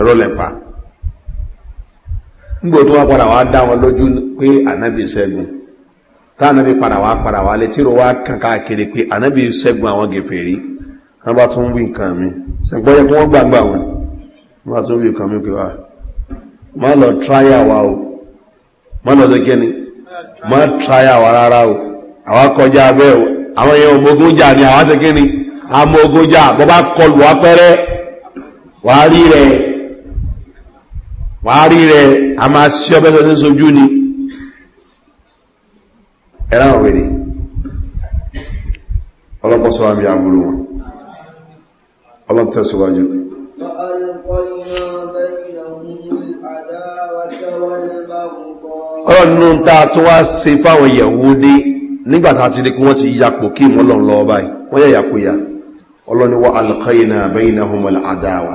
irọ́ lẹ̀ ń pa nígbà tó wá tá ànábi padà wá padà wá létí ro wá kàn káàkiri pé ànábi sẹ́gun àwọn gèfèrí wọ́n bá tún wí nǹkan mi sẹ́gbọ́n yẹ kí wọ́n gbàgbà wọn wọ́n bá tún wí nǹkan mi pé wá ah, má lọ tráyà wa o má lọ sí kíni má tráyà wa rárá o àwa kọjá abẹ́ o àwọn èèyàn ọmọogun jà ní àwa sí kíni amọogun jà bọ́ bá kọlù wá pẹ́rẹ́ wàá rí rẹ̀ wàá rí rẹ̀ a máa sí ọbẹ̀ sọ́sẹ́ sojú ni. ẹ̀rá àwọn èdè ọlọ́pọ̀ sọ àmì àbúrú wọn ọlọ́pọ̀ tẹ̀síwájú ọlọ́nà tá a tún wá se fáwọn ìyẹ̀wó dé nígbàtà ti dé kí wọ́n ti yapò kí mọ́ ya báyìí wọ́n yẹ̀ yàpò yà ọlọ́ni wọ́n adawa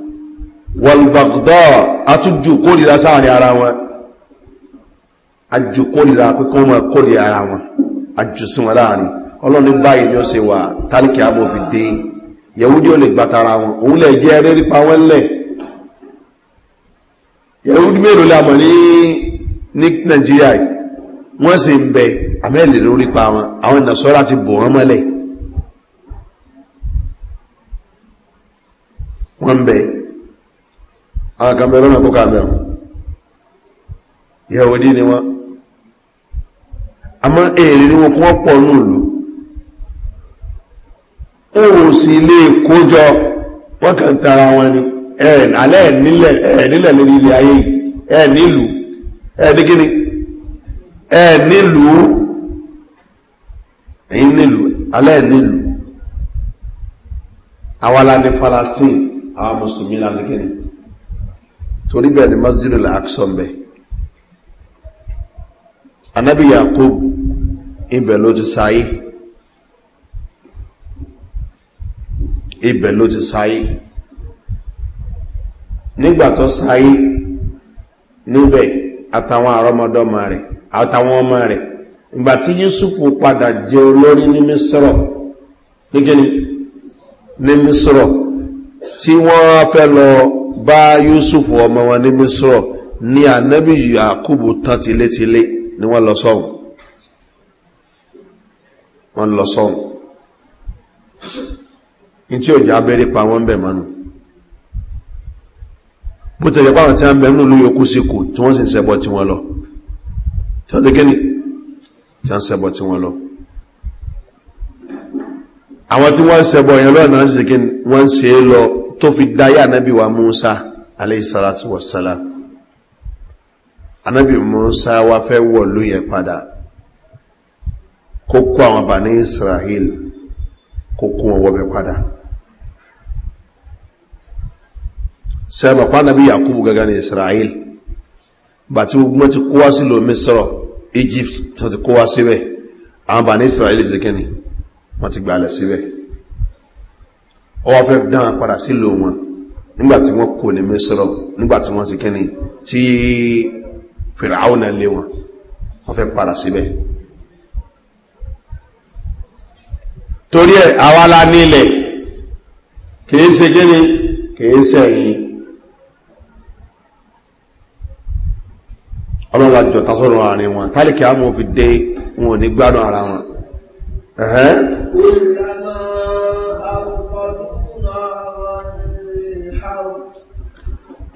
wọlbàgbọ́ àtújù kórìíra sáàrin ara wọn àjù kórìíra pé kọ́ mọ́ kórìíra ara wọn àjù sí wọn láàrin ọlọ́run báyìí ni ó se wà tálíkì àbò fi dé yẹ̀wúdí ó lè gbàtara wọn òun lè jẹ́ eré nípa wọn lẹ̀ yẹ̀wúdí mélòó la mọ̀ ní ní nàìjíríà wọ́n sì ń bẹ àmẹ́lẹ̀ lórí pa wọn àwọn ìnàṣọ́ra ti bò wọ́n mọ́lẹ̀ wọ́n ń bẹ̀ẹ́ àwọn cameroon àkó cameroon yẹ̀wòdí ni wọ́n a má èrè ní wọn kún ọ̀pọ̀ ní ìlú oòrùn sí ilé ìkójọ wọ́n kàn tara wọn ni alẹ́ nílẹ̀ lórí ilé ayé ẹ̀ nílùú ẹ̀ ní kíni ẹ̀ nílùú ẹ̀yìn nílùú alẹ́ nílùú awala ní Palestine àwọn mùsùlùmí lásìkò ni torí bẹ́ẹ̀ ni masjid al anabi yakub ibẹ̀ ló ti sáyé ibẹ̀ ló ti sáyé nígbà sáyé níbẹ̀ àtàwọn àrọmọdọ́mọ rẹ̀ àtàwọn ọmọ rẹ̀ yusufu padà jẹ olórí ní mísírọ̀ nígbẹ́ni ní mísírọ̀ tí wọ́n fẹ́ lọ bá yusuf ọmọ wọn ní misrọ ní anabi yakubu tán tilétilé ni wọ́n lọ sọ́hùn wọ́n lọ sọ́hùn ní tí òjò abẹ́rẹ́ pa wọ́n bẹ̀ mọ́nu bó tẹ̀lẹ̀ pàwọn tí a ń bẹ̀ nínú yóò sí kù tí wọ́n sì ń sẹ́bọ̀ tí wọ́n lọ tí wọ́n tẹ́gẹ́ ní àwọn tí wọ́n sẹ́bọ̀ yẹn lọ́nà sí kí wọ́n se lọ tó fi dáyé anábì wa musa aleyhisalatu wasala anábì musa wá fẹ́ wọ̀ lóyẹ padà kókó àwọn bà ní israel kókó wọn wọ́bẹ̀ padà sẹ́bà pánábí yakubu gaga ní israel bàtí gbogbo ti kó wá sí lómi sọ́rọ̀ egypt tó ti kó wá síbẹ̀ àwọn bà ní israel jẹ́kẹ́ni wọ́n ti gbà lẹ̀ síbẹ̀ ọwọ́ fẹ́ dán padà sílò wọn nígbàtí wọ́n kò ní mẹ́sọ́rọ̀ nígbàtí wọ́n ti kẹ́ni tí fìràáwọ̀nà lé wọn wọ́n fẹ́ padà síbẹ̀ torí ẹ̀ àwálá nílẹ̀ kìí se kẹ́ni kìí sẹ́yìn ọlọ́lájọ tasọ́rọ̀ àárín wọn tálíkì àmọ́ fi dé wọn ò ní gbádùn ara wọn ẹ̀hẹ́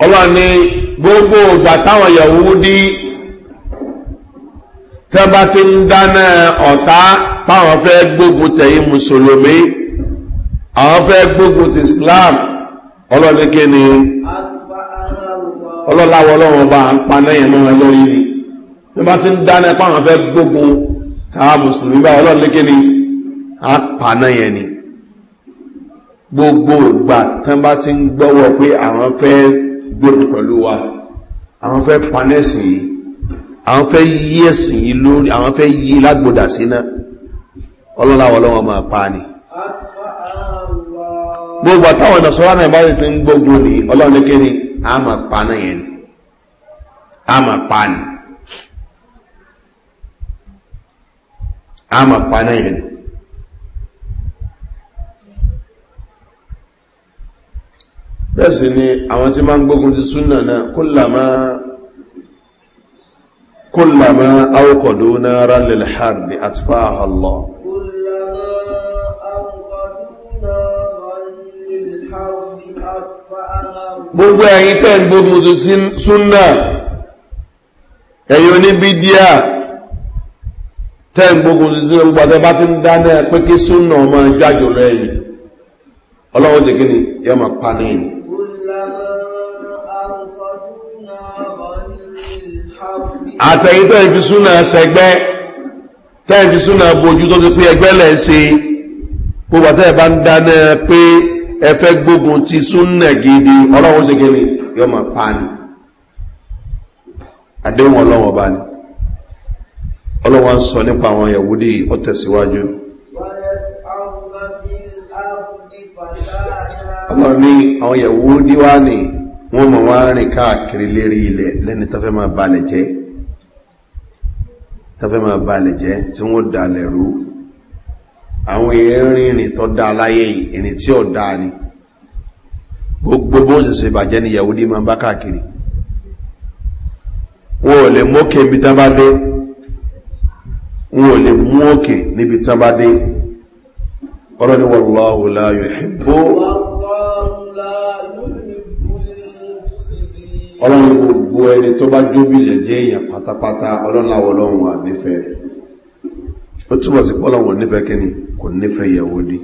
ọlọ́run ní gbogbo ìgbà táwọn yahudi tẹ́ bá ti ń dáná ọ̀tá táwọn fẹ́ gbógun tẹ̀yìn mùsùlùmí àwọn fẹ́ gbógun ti islam ọlọ́run ní kíni ọlọ́láwọ́ ọlọ́run ọba ń pa lẹ́yìn náà lórí ni tẹ́ bá ti ń dáná táwọn fẹ́ gbógun táwọn mùsùlùmí bá ọlọ́run ní kíni á pa lẹ́yìn ni gbogbo ìgbà tẹ́ ti ń gbọ́wọ́ pé àwọn fẹ́ gbèrò pẹ̀lú wa àwọn fẹ́ panẹ́sìn yìí àwọn fẹ́ yí ẹ̀sìn yìí lórí àwọn fẹ́ yí lágbòdà síná ọlọ́láwọ̀ lọ́wọ́ máa pa ni gbogbo àtàwọn ìdọ̀sọ́lá náà bá ti ń gbogbo ní ọlọ́ọ̀lẹ́kẹ́ ni a máa pa náà yẹn ni a máa pa ni a máa pa náà yẹn ni bẹ́ẹ̀ sì ni àwọn tí máa ń gbógun ti súnà náà kúlàmá áwùkọ̀dó náà rálẹ̀ hàn ní àtìfà àhàlọ́ gbogbo ẹ̀yin tẹ́ ń gbógun ti súnà ẹ̀yin oníbídíà tẹ́ ń gbógun ti súnà gbogbo àtẹ́bá ti ń dáná pé kí súnà ọmọ jájò rẹ̀ ọlọ́wọ́ ti kí ni yọ máa pa ní ìlú àtẹ̀yìn tẹ́ fi súnà sẹgbẹ́ tẹ́ fi súnà bojú tó ti pé ẹgbẹ́ lẹ̀ ń se gbogbo àtẹ́ bá ń dáná pé ẹ gbógun ti súnà gidi ọlọ́run ṣe kéde yọ máa pa ni àdéhùn ọlọ́run ọba ni ọlọ́run á sọ nípa àwọn yahudi ọ̀tẹ̀síwájú. ọlọ́run ní àwọn yahudi wá ní wọ́n mọ̀ wá rìn káàkiri lérí ilẹ̀ lẹ́ni tó fẹ́ máa balẹ̀ jẹ́ tọ́fẹ́ máa balẹ̀ jẹ́ tí wọ́n dà lẹ̀rú àwọn ìrìn ìrìn tó dá aláyé ìrìn tí ó dá ni gbogbo bó sì ṣe bàjẹ́ ni yahudi máa bá káàkiri wọn ò lè mókè níbi tán bá dé wọn lè mú níbi tán bá dé ọ̀rọ̀ ni wọ́lọ́wọ́ láyò ìbò ọlọ́run gbogbo gbogbo ẹni tó bá jóbìlẹ̀ jẹ́ èèyàn pátápátá ọlọ́láwọ̀ ọlọ́run wà nífẹ̀ẹ́ ó túbọ̀ sí pọ́lọ̀wọ̀ nífẹ̀ẹ́ kíni kò nífẹ̀ẹ́ yẹ̀wòdí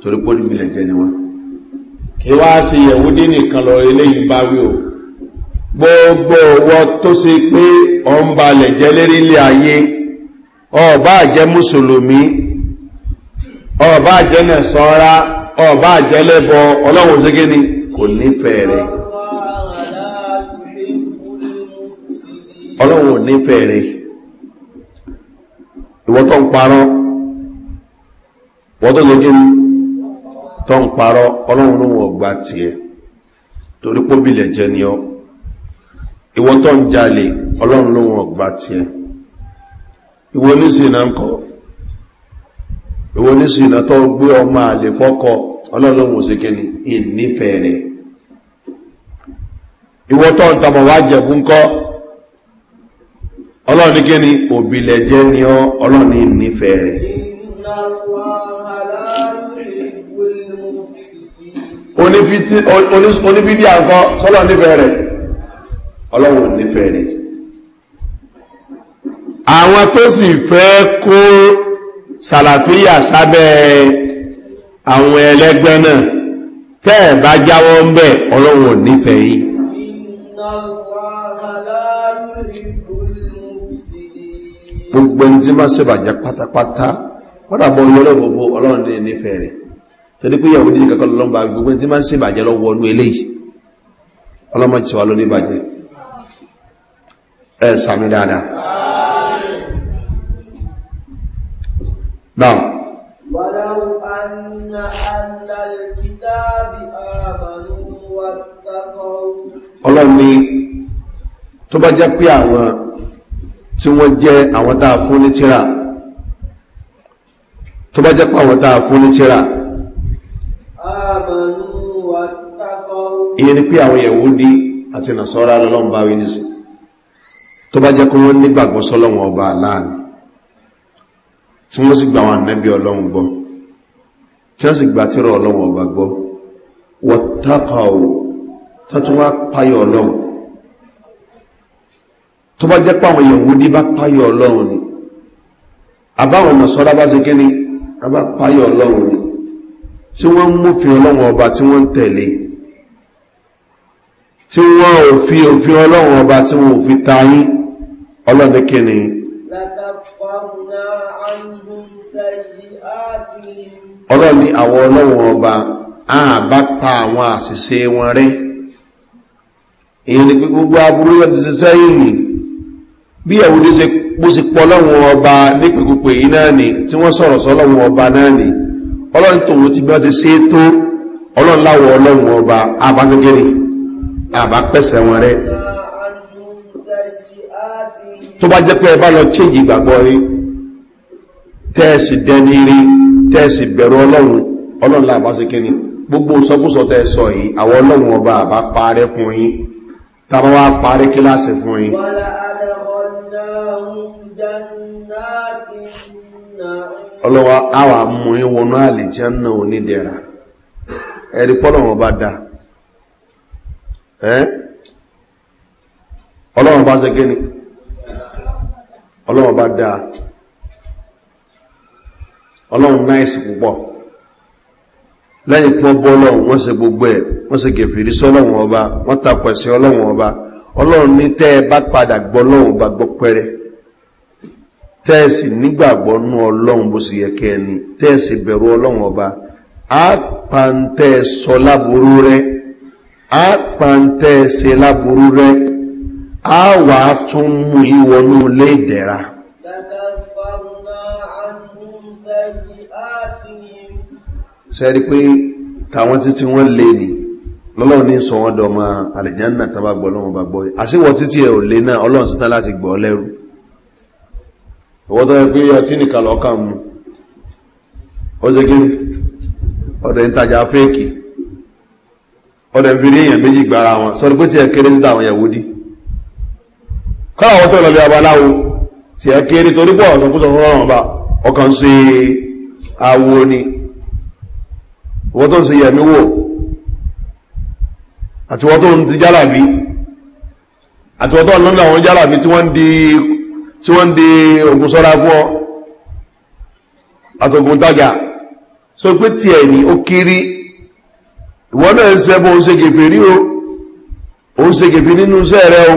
torí pọ́ níbìlẹ̀ jẹ́ ni wọ́n kí wá sí yẹ̀wòdí nìkan lọ eléyìí bá wí o gbogbo ọwọ́ tó ṣe pé ọ̀nbalẹ̀ jẹ́ lérí ilé ayé ọba àjẹ́ mùsùlùmí ọba àjẹ́ nẹ̀sọ́ra ọba àjẹ́ lẹ́bọ ọlọ́run ṣe kíni kò nífẹ̀ẹ́ rẹ̀ ọlọ́run ò nífẹ̀ẹ́ rẹ̀ ìwọ́ tó ń parọ́ wọ́n tó lójú tó ń parọ́ ọlọ́run ló wọ̀ gba tiẹ̀ torí póbìlẹ̀ jẹ́ ni ọ́ ìwọ́ tó ń jalè ọlọ́run ló wọ̀ gba ìwọ́ kọ́ ìwọ́ tó gbé ọmọ àlè fọ́kọ ọlọ́run rẹ̀ ọlọ́run ní kíni òbílẹ̀ jẹ́ ni ọ́ ọlọ́run ní nífẹ̀ẹ́ rẹ̀ oníbídí àǹkọ́ sọ́lọ́ nífẹ̀ẹ́ rẹ̀ ọlọ́run nífẹ̀ẹ́ rẹ̀ àwọn tó sì fẹ́ kó sàlàfíà sábẹ́ àwọn ẹlẹ́gbẹ́ náà tẹ́ẹ̀ bá jáwọ́ ń bẹ̀ ọlọ́run nífẹ̀ẹ́ yìí gbogbo ẹni tí máa ṣèbàjẹ́ pátápátá padà bọ́ yọ lọ́wọ́ fún ọlọ́run ní nífẹ̀ẹ́ rẹ̀ torí pé ìyàwó nídìí kankan lọ́nba gbogbo ẹni tí máa ṣèbàjẹ́ lọ́wọ́ ọdún eléyìí ọlọ́mọ ti wà ló ní bàjẹ́ ẹ sàmì dáadáa. Now. ولو أن أهل الكتاب آمنوا واتقوا. Ọlọ́run ni tó bá jẹ́ pé àwọn tí wọ́n jẹ́ àwọn tá a fún ní tíra tó bá jẹ́ pé àwọn tá fún ní tíra ìyẹn ni pé àwọn yẹ̀wúdí àti nàṣọ́rá lọ́lọ́run bá wí nísì tó bá jẹ́ kó wọ́n nígbàgbọ́ sọ́lọ́run ọba aláàni tí wọ́n sì gba àwọn ànẹ́bí ọlọ́run gbọ́ tí wọ́n sì gba tírọ̀ ọlọ́run ọba gbọ́ wọ́n tákà tó tún wá páyọ̀ ọlọ́run tó bá jẹ́ pàwọn yẹ̀wúdí bá páyọ̀ ọlọ́run ni àbáwọn nàṣọ́lá bá ṣe kíní a bá páyọ̀ ọlọ́run ni tí wọ́n mú fi ọlọ́run ọba tí wọ́n ń tẹ̀lé tí wọ́n ò fi òfin ọlọ́run ọba tí wọ́n ò fi ta yín ọlọ́dẹ kíní. ọlọ́run ni àwọn ọlọ́run ọba a bá pa àwọn àṣìṣe wọn rẹ́ èyí ni pé gbogbo aburú yóò ti ṣe sẹ́yìn bí ẹ̀wùdí ṣe bó ṣe pọ̀ lọ́wọ́n ọba nípìnkúpẹ̀ yìí náà ni tí wọ́n sọ̀rọ̀ sọ lọ́wọ́n ọba náà ni ọlọ́run tòun ti bá ṣe ṣe é tó ọlọ́run láwọ̀ ọlọ́run ọba abáṣegéré àbá pẹ̀sẹ̀ wọn rẹ. tó bá jẹ́ pé ẹ bá lọ chéjì ìgbàgbọ́ rí tẹ́ẹ̀sì dẹni rí tẹ́ẹ̀sì bẹ̀rù ọlọ́run ọlọ́run láàbáṣegéré gbogbo sọkúsọ tẹ́ sọ yìí àwọn ọlọ́wọ́ àwà mú ìwọ̀nú àlìjánà onídẹ̀ra ẹ̀rí pọ́lọ̀wọ̀n bá dá ẹ́ ọlọ́wọ̀n bá ṣe gíní ọlọ́wọ̀n bá dá ọlọ́wọ̀n náìsì púpọ̀ lẹ́yìn pọ́ bọ́ọ̀lọ́ wọ́n se gbogbo ẹ̀ wọ́n se gẹ̀fìrí sọ́lọ́wọ̀n ọba wọ́n tapẹ̀sẹ̀ ọlọ́wọ̀n ọba ọlọ́run ní tẹ́ bá padà gbọ́ lọ́wọ́n bá gbọ́ pẹ́rẹ́ tẹ́ẹ̀sì nígbàgbọ́ nú ọlọ́run bó sì yẹ kẹ́ ẹni tẹ́ẹ̀sì bẹ̀rù ọlọ́run ọba á pàǹtẹ́ sọ láburú rẹ á pàǹtẹ́ ṣe láburú rẹ á wà á tún mú ìwọnú ilé ìdẹ̀ra. sẹ́rí pé tàwọn títí wọ́n lé ni lọ́lọ́run ní sọ wọ́n dọ̀ ọmọ àlìjáná tàbá gbọ́ ọlọ́run ọba gbọ́ ìwọ́n tó yẹ pé ọtí nìkan lọ́kàn mú ó ṣe kí ọ̀dẹ̀ ń tajà fẹ́ẹ̀kì ọ̀dẹ̀ ń fi rí èèyàn méjì gbára wọn sọ pé tí ẹ kéré sí àwọn ìyàwó dí kọ́lá àwọn tó lọlé abaláwo tí ẹ kéré torí pọ̀ ọ̀sán kó sọ fún ọ̀rọ̀ ọba ọkàn ṣe awo ni ìwọ́n tó ń ṣe yẹ̀mí wò àti wọ́n tó ń ti jálàbí àti wọ́n tó ń lọ́nà àwọn jálàbí tí wọ́n di tí wọ́n ń de ogun sọ́ra fún ọ àtọ̀gùn dága so pé tí ẹ̀ ní ó kiri ìwọ́n náà ń sẹ́bọ̀ ó ṣègèfè rí o ó ṣègèfè nínú iṣẹ́ rẹ o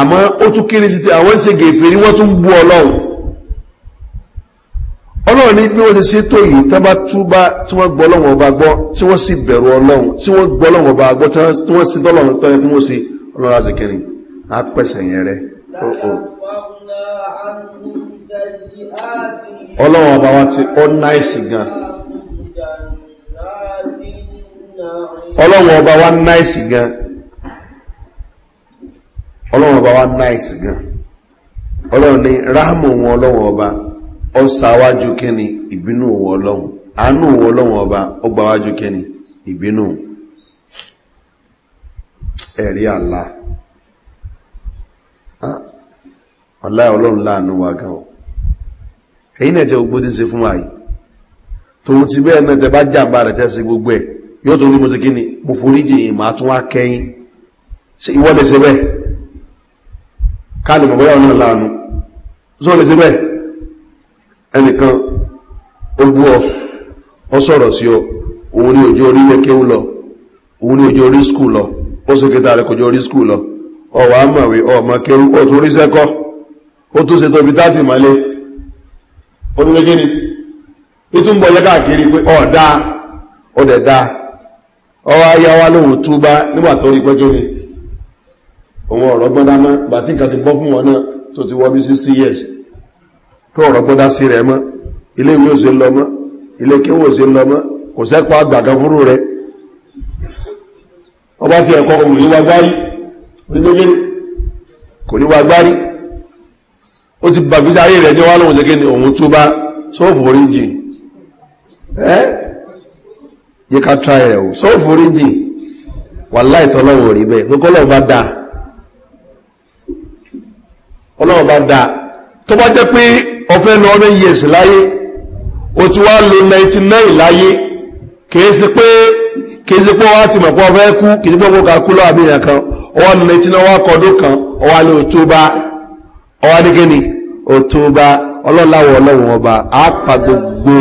àmọ́ ó tún kiri sí ti àwọn ṣègèfè rí wọ́n tún bú ọlọ́run ọlọ́run ní bí wọ́n ṣe ṣètò yìí tá bá túbá tí wọ́n gbọ́ ọlọ́run ọba gbọ́ tí wọ́n sì bẹ̀rù ọlọ́run tí wọ́n gbọ́ ọlọ́run ọba gbọ́ tí wọ́n sì tọ́lọ́run tọ́lẹ́ tí wọ́n sì ọlọ́run àzẹ̀kẹ́rin á pẹ̀sẹ̀ yẹn rẹ̀ ó ó. ọlọ́wọ́n ọba wá ti ọ gan ọba gan ọba gan ni ráàmù wọn ọlọ́wọ́n ọba ọ sáwájú kẹ́ni ìbínú wọn ọlọ́wọ́n àánú wọn ọlọ́wọ́n ọba ọ gbáwájú ìbínú ẹ̀rí àlá ọlá ọlọ́run láàánú wa gan ẹ̀yìn náà tẹ gbogbo tí ń se fún wa yìí tòun ti bẹ́ẹ̀ náà tẹ bá jàmbá rẹ̀ tẹ́ gbogbo ẹ̀ yóò tó ní mo se kí ni mo forí jìyìn màá tún wá kẹ́yìn ṣe ìwọ lè se bẹ́ẹ̀ ká lè mọ̀ bóyá ọ̀nà lànà sọ lè se bẹ́ẹ̀ ẹnìkan ó bú ọ ọ sọ̀rọ̀ sí ọ òun ní òjò orí lẹ́kẹ́ lọ òun ní òjò orí skul lọ ó sì kéta rẹ̀ kòjò orí skul lọ ọ̀wà mọ̀wé ọ̀mọ̀ kéwú ó tún rí sẹ́kọ́ ó tún ṣe tó fi táàtì oníwégé ni títún bọ̀ yẹ́ káàkiri pé ọ̀dá ọdẹ̀dá ọwọ́ ayáwá lóhun túbá nígbà tó rí pẹ́jọ́ ni òun ọ̀rọ̀ ti bọ́ fún wọn sí sí ilé ìwé òsè lọ mọ́ ilé kéwò òsè lọ mọ kò sẹ́pọ̀ àgbàkan fúrú rẹ̀ ọba ti ẹ̀kọ́ òun kò ó ti bàgbé ayé rẹ̀ jẹ́ wá lóhun jẹ́ kíni òun tó bá sọ́ọ̀fù oríjì ẹ́ yẹ ká tra rẹ̀ o sọ́ọ̀fù oríjì wà láìtọ́ lọ́wọ́ rí bẹ́ẹ̀ kókó lọ́wọ́ bá da ọlọ́wọ́ bá da tó bá jẹ́ pé ọfẹ́ lọ ọdún yìí láyé o ti wá lo 99 láyé kìí ṣe pé kìí ṣe pé wọ́n ti mọ̀ pé ọfẹ́ kú kìí ṣe pé wọ́n kà kú lọ́wọ́ àbíyàn kan ọwọ́ 99 wá kọ́dún kan ọwọ́ alẹ́ òtó bá ọwá ní kí ni ó tó bá ọlọ́láwọ̀ ọba a pa gbogbo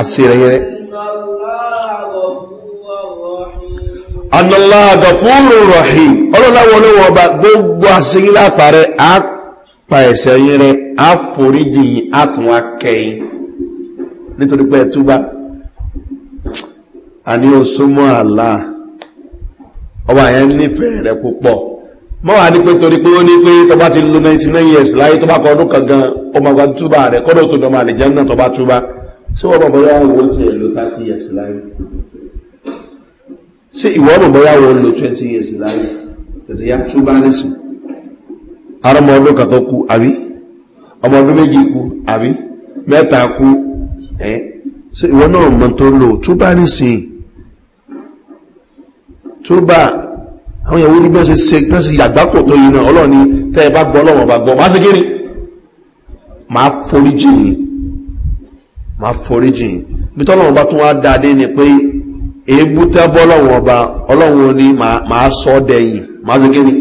àṣírẹyẹrẹ ọlọ́láwọ̀ ọba gbogbo àṣírí lápàrẹ a pa ẹ̀ṣẹ̀ a rẹ á foríjì tún wá kẹyìn nítorí pé ẹ̀túbá ọba yẹn nífẹ̀ẹ́ rẹ mọ́ wà ní pé torí pé ó ní pé tọba ti lo 99 years láyé tọba kọ ọdún kan gan ọmọ àgbà túbà rẹ̀ kọ́dọ̀ tó dọ̀mọ̀ àlè jẹun náà tọba túbà sí wọ́n mọ̀ bọ́yá wọn ti lo 30 years láyé sí ìwọ́ mọ̀ bọ́yá wọn lo 20 years láyé tètè yá túbà nísìn ara ọmọ ọdún kan tó kú àbí ọmọ ọdún méjì kú àbí mẹ́ta kú ẹ́ sí ìwọ́ náà mọ̀ tó lò túbà nísìn túbà àwọn ìyàwó ní bẹ́ẹ̀ ṣe bẹ́ẹ̀ ṣe yàgbápọ̀ tó yìí náà ọlọ́run ní tẹ́ ẹ bá gbọ́ ọlọ́run ọba gbọ́ máa ṣe kí ni máa forí jìn máa forí jìn bí tọ́lọ́run ọba tó wá dáadé ni pé èébú tẹ́ bọ́ ọlọ́run ọba ọlọ́run ní máa sọ ọ́ dẹ̀yìn máa ṣe kí ni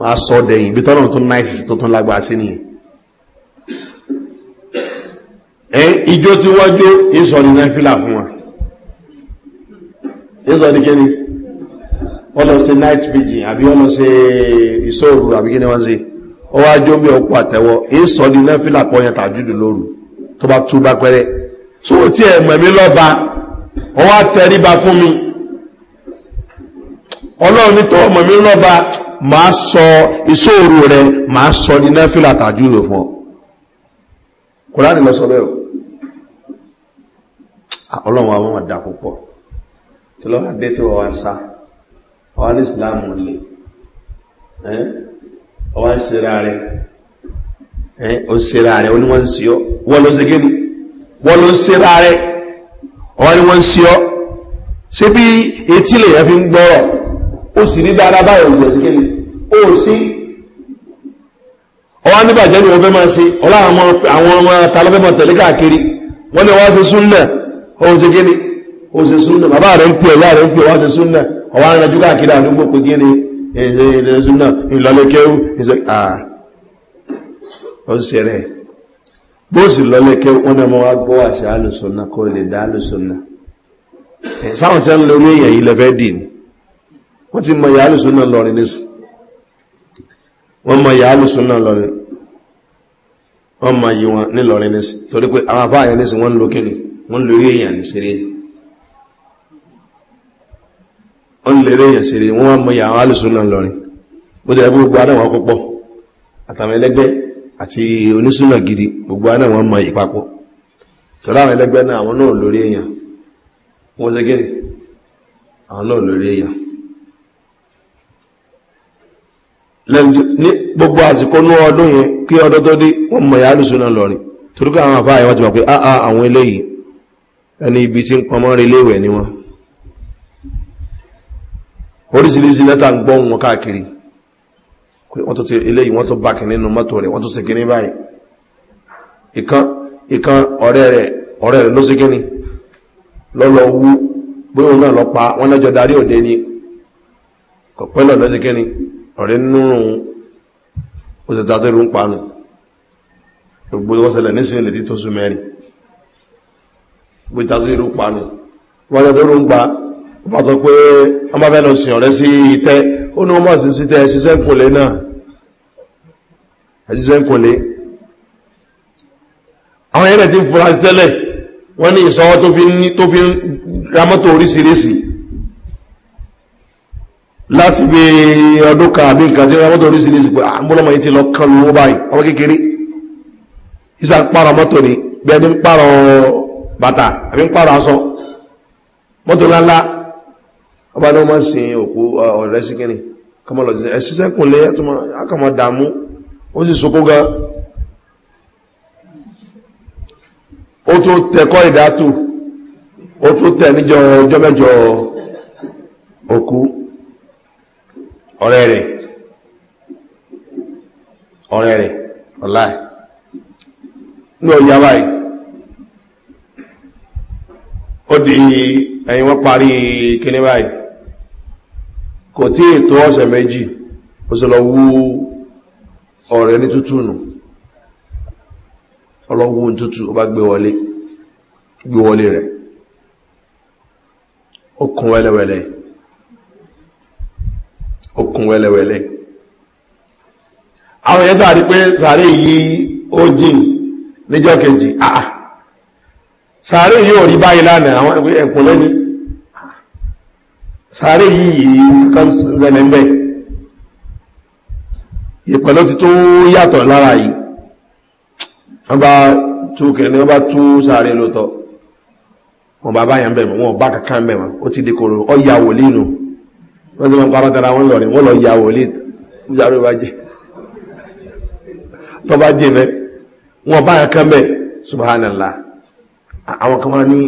máa sọ ọ́ dẹ̀yìn bí tọ́lọ́run tó náà ìsìsì tó tún sí nìyẹn. ẹ ijó tí wọ́n jó ìsọ̀ ní náà fìlà fún wa ìsọ̀ ní kí ni wọ́n lọ sí night vigil àbí wọ́n lọ sí ìṣòro àbí kí ni wọ́n ṣe ó wá jó bí ọkọ̀ àtẹ̀wọ́ ń sọ ní nẹ́fìlà pọ̀ yẹn tàjúdù lóru tó bá tú bá pẹ́rẹ́ tó o tí ẹ̀ mẹ̀mí lọ́ba wọ́n wá tẹríba fún mi ọlọ́run ní tó mẹ̀mí lọ́ba máa sọ ìṣòro rẹ máa sọ ní nẹ́fìlà tàjúdù fún ọ kò láti lọ sọ bẹ́ẹ̀ o ah, ọlọ́run àwọn ọmọ dà púpọ̀ kí lọ́wọ́ adé tí wọ́n wá sá ọwá ní ìsìláàmù lè ọwá ń ṣera rẹ̀ ó ń ṣera rẹ̀ ó ní wọ́n ń sí ọ́ wọ́n ló ṣe gẹ́nu wọ́n ló ń ṣera rẹ̀ ọwá ní wọ́n ń sí ọ́ ṣé bí etí lè yẹn fi ń gbọ́rọ̀ ó sì rí dáadáa báyọ̀ òwúrọ̀ sí gẹ́nu ó sí ọwá níbàjẹ́ ni wọ́n fẹ́ máa ṣe ọlá ọwọ́ arìnrìnàjú káàkiri àdúgbò pé kí ni ìlẹ̀sùnà ìlọlẹ́kẹ́wù ọ̀sẹ̀rẹ̀ bó sì lọlẹ́kẹ́wù wọ́n mọ́ wá gbọ́ àṣà alùsùnà kó lè dá alùsùnà sáwọn tí a ń lórí èèyàn yìí lẹ́fẹ́ dì ní wọ́n ti mọ ìyá alùsùnà lọrin nísìn wọ́n mọ ìyá alùsùnà lọrin wọ́n mọ ìyí wọn nílọrin nísìn torí pé àwọn afáàyàn nísìn wọ́n ń lo kiri wọ́n ń lórí èèyàn ó ń lèrè èèyàn ṣeré wọ́n wọ́n mọ àwọn alùsùn náà lọ́rin bó ti rẹ̀ gbogbo aná wọn púpọ̀ àtàwọn ẹlẹ́gbẹ́ àti onísùnà gidi gbogbo aná wọn mọ ìpapọ̀ tọ́lá àwọn ẹlẹ́gbẹ́ náà àwọn náà lórí èèyàn wọ́n ṣe gẹ́rì àwọn náà lórí èèyàn ní gbogbo àsìkò ní ọdún yẹn kí ọdún tó dé wọ́n oríṣiríṣi lẹ́tà ń gbọ́ wọn káàkiri wọ́n tó ti eléyìí wọ́n tó bá kì nínú mọ́tò rẹ̀ wọ́n tó se kìíní báyìí ìkan ìkan ọ̀rẹ́ rẹ̀ ọ̀rẹ́ rẹ̀ ló se kìíní lọ́lọ́ wú pé òun náà lọ pa wọ́n lẹ́jọ́ darí òde ni kò pẹ́ lọ́ lọ́sẹ̀ kìíní ọ̀rẹ́ nínú ó sì tàtó ìlú ń panu gbogbo wọ́n sẹlẹ̀ nísìnyí lè ti tó sùn mẹ́rin gbogbo tàtó ìlú ń panu wọ́n tàtó ìlú ń pa ó bá sọ pé wọ́n bá fẹ́ lọ sìn ọ̀rẹ́ sí itẹ́ ó ní wọ́n mọ̀ sí sítẹ́ ṣiṣẹ́ ń kòlé náà ṣiṣẹ́ ń kòlé àwọn ẹ̀rẹ́ ti ń fura sí tẹ́lẹ̀ wọ́n ní ìṣọwọ́ tó fi ń ra mọ́tò oríṣiríṣi láti bí ọdún kan àbí nǹkan tí ra mọ́tò oríṣiríṣi pé àmúlọ́mọ yìí ti lọ kán lówó báyìí ọmọ kékeré ìṣà ń pààrọ̀ mọ́tò ni bí ẹni ń pààrọ̀ bàtà àbí mọ́tò ńláńlá ọba ní wọ́n máa sin òkú ọ̀rẹ́ sí kíni kọmọlọ̀ jẹ́ ẹ̀ṣiṣẹ́ kùn lé ẹ̀tùmọ̀ akọmọ̀ dàmú ó sì sokó gan ó tó tẹ̀kọ́ ìdátù ó tó tẹ̀ níjọ ọjọ́ mẹ́jọ òkú ọ̀rẹ́ rẹ̀ ọ̀rẹ́ rẹ̀ ọ̀lá ẹ̀ ní ọ̀yá báyìí ó di ẹ̀yìn wọ́n parí kíní báyìí kò tí ètò ọ̀sẹ̀ méjì ó sì lọ wú ọ̀rẹ́ ní tútù nù ọlọ́wú tútù ó bá gbé wọlé gbé wọlé rẹ̀ ó kún wẹ́lẹ́wẹ́lẹ́ ó kún wẹ́lẹ́wẹ́lẹ́ àwọn èyẹ́ sàárí pé sàárí yìí ó jìn níjọ́ kejì àà sàárí yìí ò rí báyìí lánàá àwọn ẹ̀kùn lẹ́ni sáré yìí kan rẹ̀lẹ̀ ń bẹ̀ ìpẹ̀lú ti tó yàtọ̀ lára yìí wọ́n bá tó kẹrin wọ́n bá tó sáré lótọ́ wọn bá báyà ń bẹ̀ wọn bá kàkà ń bẹ̀ wọn ó ti dìkòrò ọ ya wòlí nù wọ́n ti mọ̀ pàrọ̀ tara wọn lọ́rin wọ́n lọ ya wòlí yàrá bá jẹ́ tọ́ bá jẹ́ mẹ́ wọn bá kàkà ń bẹ̀ subhanallah àwọn kan wá ní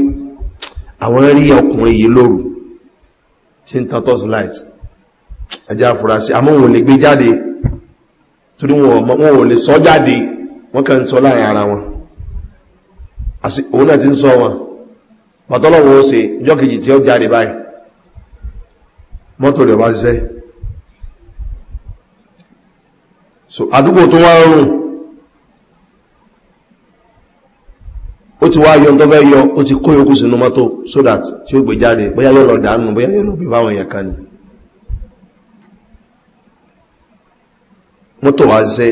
àwọn rí ọkùnrin tí ń tan tọ́sù light ẹjá afurasí àmọ́ wọn lè gbé jáde torí wọn ò lè sọ jáde wọ́n kàn ń sọ láàrin ara wọn òun náà ti ń sọ wọn pàtọ́lọ́wọ́ ó se ìjọ́ kejì tí ó jáde báyìí mọ́tò rẹ̀ wá ṣiṣẹ́ so àdúgbò tó wá rọrùn ó ti wá yọ tó fẹ́ yọ ó ti kó yókù sínú mọ́tò so that tí ó gbé jáde bóyá yọ́ lọ dànù bóyá yọ́ lọ bí báwọn èèyàn kan ni mọ́tò wá ṣiṣẹ́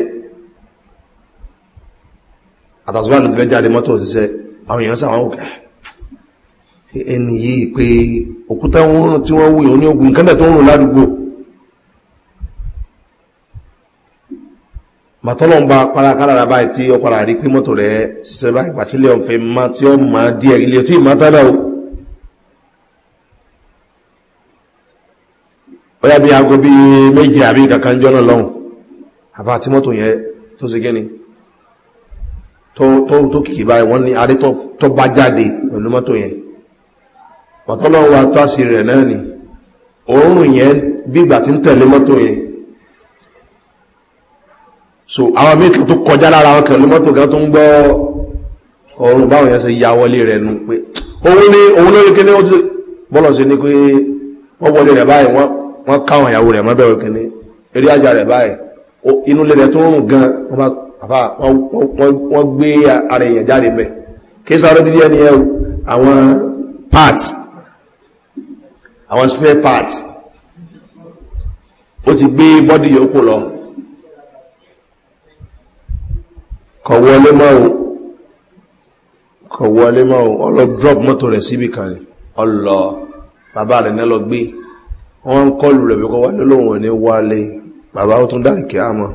àtàṣùwà ní ti fẹ́ jáde mọ́tò ṣiṣẹ́ àwọn èèyàn sáwọn òkè ah, ẹni yìí pé òkúta wọn tí wọ́n wù yìí ó ní ogun kẹ́lẹ̀ tó ń rùn ládùúgbò màtọ́lọ̀ ń bá para kárára báyìí tí ọkọ̀ rà rí pé mọ́tò rẹ̀ ṣiṣẹ́ báyìí pàtílẹ̀ ọ̀fẹ́ má tí ó má díẹ̀ ilé tí ìmá tánà o ọya bí aago bí méje àbí kankan jọ́nà lọ́hùn àbá tí mọ́tò yẹn tó ṣe gẹ́ni tó kìkì báyìí wọ́n ní aré tó bá jáde pẹ̀lú mọ́tò yẹn màtọ́lọ̀ wa tó àṣírí rẹ̀ náà ni òórùn yẹn bí ìgbà tí ń tẹ̀lé mọ́tò yẹn so àwọn mítà tó kọjá lára wọn kẹ̀lú mọ́tò gan tó ń gbọ́ ọrùn báwọn yẹn se ya wọlé rẹ̀ nù pé òun ní òun lórí kí ní ó ti bọ́lọ̀ sí ní pé wọ́n wọlé rẹ̀ báyìí wọ́n káwọn ìyàwó rẹ̀ mọ́bẹ̀wẹ̀ kí ní eré ajá rẹ̀ báyìí inú lè rẹ̀ tó rùn gan wọ́n gbé ara èèyàn jáde bẹ̀ kí sáré dídí ẹni ẹ àwọn parts àwọn spare parts ó ti gbé bọ́dì yòókù lọ kọ̀wọlé máa kọ̀wọlé máa ọlọ drop mọ́tò rẹ̀ síbì kan ni ọlọ bàbá rẹ̀ náà lọ gbé wọ́n ń kọlù rẹ̀ bí kọ́ wálé lóhun ní wálé bàbá ó tún dáríkẹ́ àmọ́